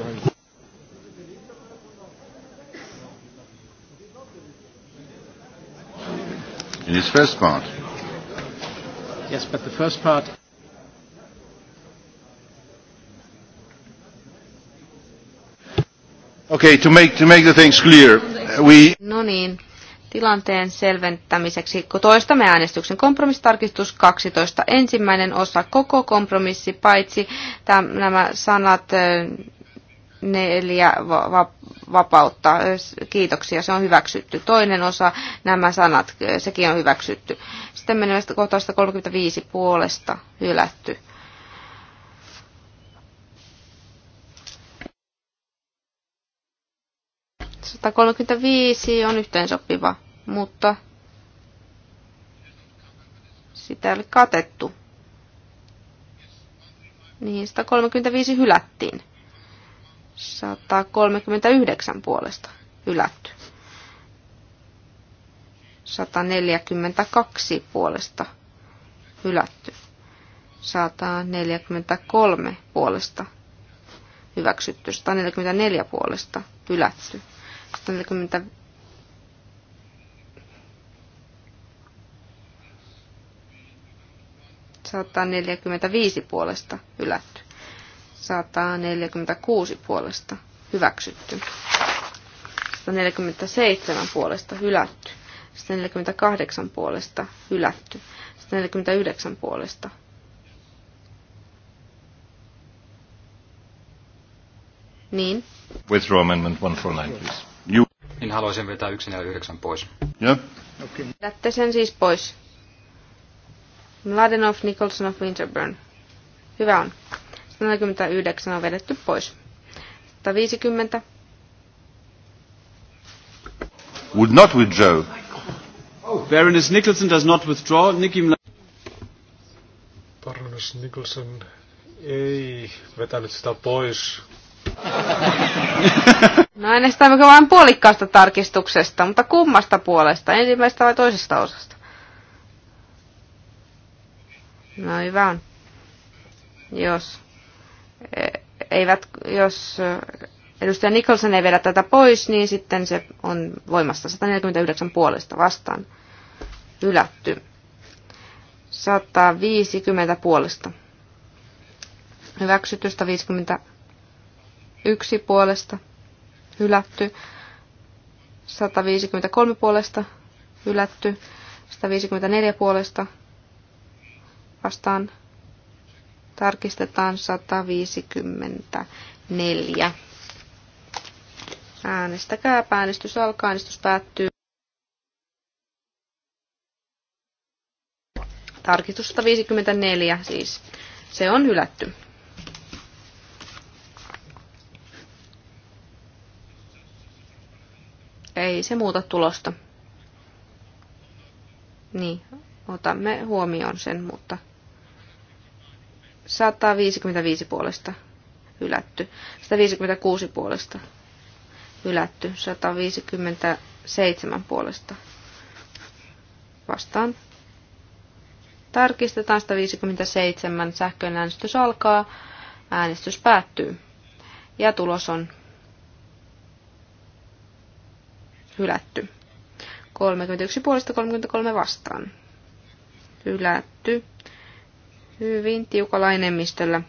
Speaker 4: In his first part.
Speaker 2: Yes, but the first part
Speaker 4: Okay, to make, to make the things clear, we...
Speaker 3: No niin, tilanteen selventämiseksi toistamme äänestyksen kompromissitarkistus 12. Ensimmäinen osa koko kompromissi, paitsi täm, nämä sanat neljä va- vapautta. Kiitoksia, se on hyväksytty. Toinen osa, nämä sanat, sekin on hyväksytty. Sitten menemme kohtaista 35 puolesta hylätty. 135 on yhteensopiva, mutta sitä ei ole katettu. Niin 135 hylättiin. 139 puolesta hylätty. 142 puolesta hylätty. 143 puolesta hyväksytty. 144 puolesta hylätty. 140 145 puolesta hylätty. 146 puolesta hyväksytty. 147 puolesta hylätty. 148 puolesta hylätty. 149 puolesta Niin.
Speaker 4: Withdraw amendment 149, please haluaisin
Speaker 1: vetää yhdeksän pois.
Speaker 4: Joo.
Speaker 3: Okay. Jätte sen siis pois. Mladenov, Nicholson of Winterburn. Hyvä on. 149 on vedetty pois. 150.
Speaker 4: Would not withdraw.
Speaker 3: Oh, Baroness Nicholson does not withdraw. Nikki Mla- Baroness
Speaker 2: Nicholson ei vetänyt sitä pois,
Speaker 3: No äänestämmekö vain puolikkaasta tarkistuksesta, mutta kummasta puolesta, ensimmäisestä vai toisesta osasta? No hyvä on. Jos, eh, eivät, jos eh, edustaja Nicholson ei vedä tätä pois, niin sitten se on voimassa 149 puolesta vastaan hylätty. 150 puolesta. Hyväksytystä 50 Yksi puolesta hylätty, 153 puolesta hylätty, 154 puolesta vastaan tarkistetaan 154. Äänestäkää, äänestys alkaa, äänestys päättyy. Tarkistus 154 siis. Se on hylätty. Ei se muuta tulosta. Niin, otamme huomioon sen, mutta 155 puolesta hylätty, 156 puolesta hylätty, 157 puolesta vastaan. Tarkistetaan 157, sähköinen äänestys alkaa, äänestys päättyy ja tulos on hylätty. 31 puolesta 33 vastaan. Hylätty. Hyvin tiukalla enemmistöllä.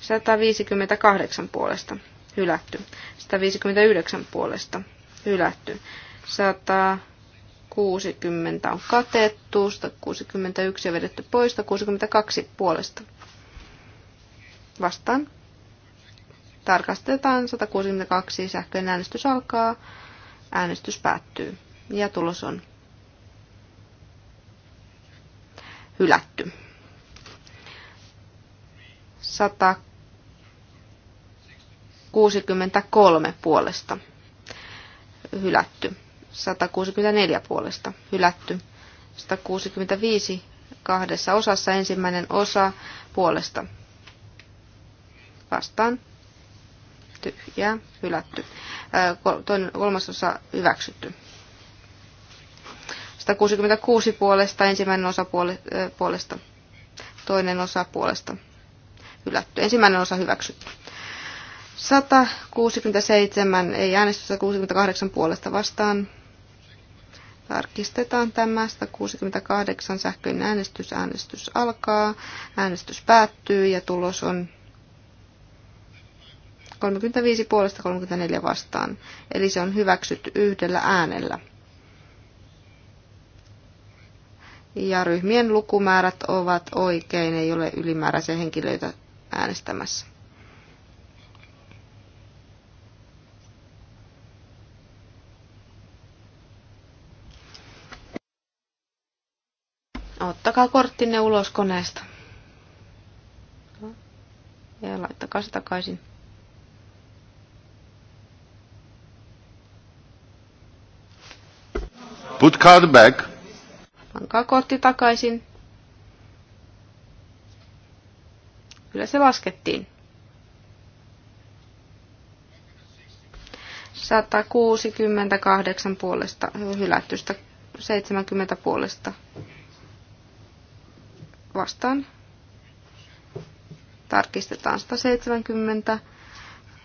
Speaker 3: 158 puolesta. Hylätty. 159 puolesta. Hylätty. 160 on katettu. 161 on vedetty pois. 62 puolesta. Vastaan. Tarkastetaan 162. Sähköinen äänestys alkaa. Äänestys päättyy. Ja tulos on hylätty. 163 puolesta hylätty. 164 puolesta hylätty. 165 kahdessa osassa ensimmäinen osa puolesta vastaan tyhjää hylätty toinen kolmasosa hyväksytty. 166 puolesta, ensimmäinen osa puolesta, toinen osa puolesta hylätty. Ensimmäinen osa hyväksytty. 167, ei äänestystä 68 puolesta vastaan. Tarkistetaan tämä. 168 sähköinen äänestys. Äänestys alkaa. Äänestys päättyy ja tulos on 35 puolesta 34 vastaan. Eli se on hyväksytty yhdellä äänellä. Ja ryhmien lukumäärät ovat oikein, ei ole ylimääräisiä henkilöitä äänestämässä. ottakaa korttinne ulos koneesta. Ja laittakaa se takaisin.
Speaker 4: Put card back.
Speaker 3: Pankaa kortti takaisin. Kyllä se laskettiin. 168 puolesta hylättystä, 70 puolesta vastaan. Tarkistetaan 170.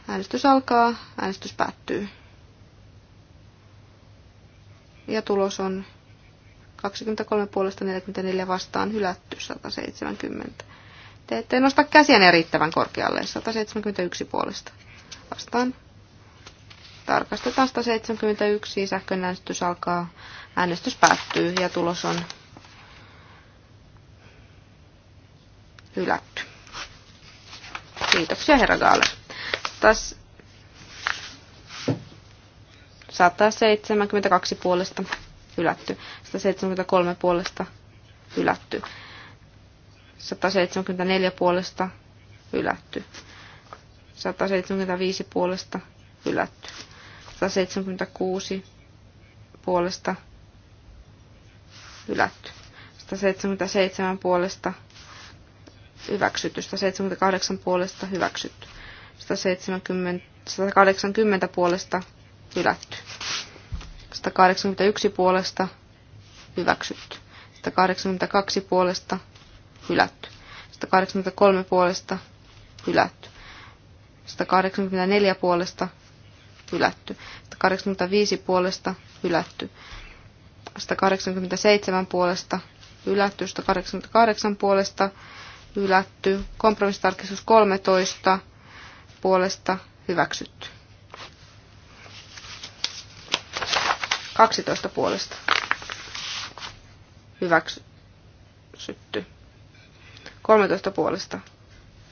Speaker 3: Äänestys alkaa, äänestys päättyy. Ja tulos on 23 puolesta 44 vastaan hylätty 170. Te ette nosta käsiänne riittävän korkealle 171 puolesta vastaan. Tarkastetaan 171, sähkön äänestys alkaa, äänestys päättyy ja tulos on hylätty. Kiitoksia herra Gaale. 172 puolesta hylätty. 173 puolesta hylätty. 174 puolesta hylätty. 175 puolesta hylätty. 176 puolesta hylätty. 177 puolesta hyväksytty. 178 puolesta hyväksytty. 170, 180 puolesta hylätty. 181 puolesta hyväksytty. 182 puolesta hylätty. 183 puolesta hylätty. 184 puolesta hylätty. 185 puolesta hylätty. 187 puolesta hylätty. 188 puolesta hylätty. Kompromissitarkistus 13 puolesta hyväksytty. 12 puolesta. Hyväksytty. 13 puolesta.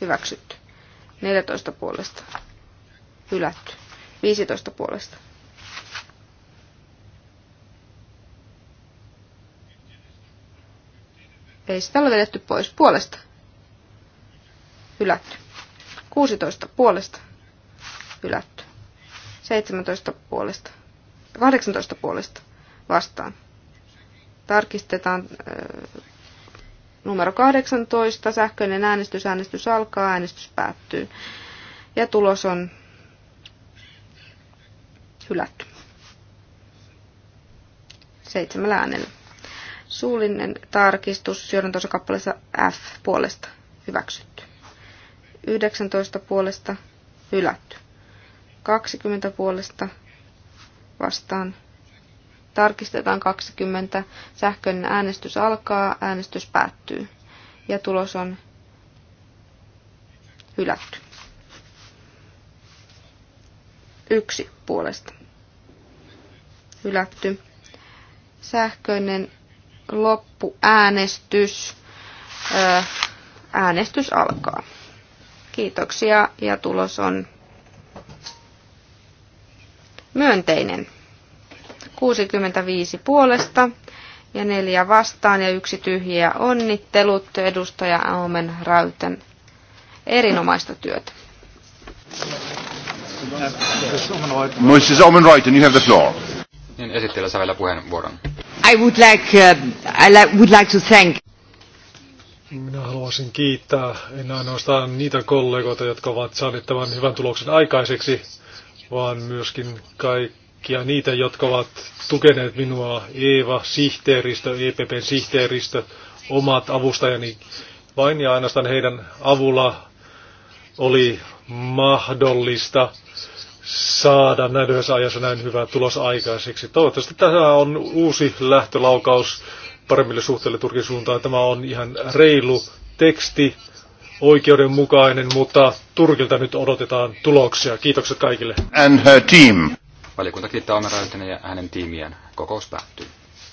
Speaker 3: Hyväksytty. 14 puolesta. Hylätty. 15 puolesta. Ei sitä ole vedetty pois puolesta. Hylätty. 16 puolesta. Hylätty. 17 puolesta. 18 puolesta vastaan. Tarkistetaan äh, numero 18, sähköinen äänestys, äänestys alkaa, äänestys päättyy. Ja tulos on hylätty. Seitsemällä äänellä. Suullinen tarkistus johdantosa kappaleessa F puolesta hyväksytty. 19 puolesta hylätty. 20 puolesta vastaan. Tarkistetaan 20. Sähköinen äänestys alkaa, äänestys päättyy. Ja tulos on hylätty. Yksi puolesta. Hylätty. Sähköinen loppuäänestys. Äänestys alkaa. Kiitoksia ja tulos on myönteinen. 65 puolesta ja neljä vastaan ja yksi tyhjiä onnittelut edustaja Aumen Rauten erinomaista työtä.
Speaker 1: Mrs. Omen Reuten, you have the floor. Niin esittelä saa vielä puheenvuoron.
Speaker 3: I would like,
Speaker 4: uh, I like, would like to thank.
Speaker 2: Minä haluaisin kiittää en ainoastaan niitä kollegoita, jotka ovat saaneet tämän hyvän tuloksen aikaiseksi, vaan myöskin kaikkia niitä, jotka ovat tukeneet minua, Eeva, sihteeristö, EPPn sihteeristö, omat avustajani. Vain ja ainoastaan heidän avulla oli mahdollista saada näin yhdessä ajassa näin hyvää tulos aikaiseksi. Toivottavasti tämä on uusi lähtölaukaus paremmille suhteille Turkin suuntaan. Tämä on ihan reilu teksti oikeudenmukainen, mutta Turkilta nyt odotetaan tuloksia. Kiitokset kaikille.
Speaker 1: And her team. Valiokunta kiittää Omer
Speaker 2: ja hänen tiimiään. Kokous
Speaker 1: päättyy.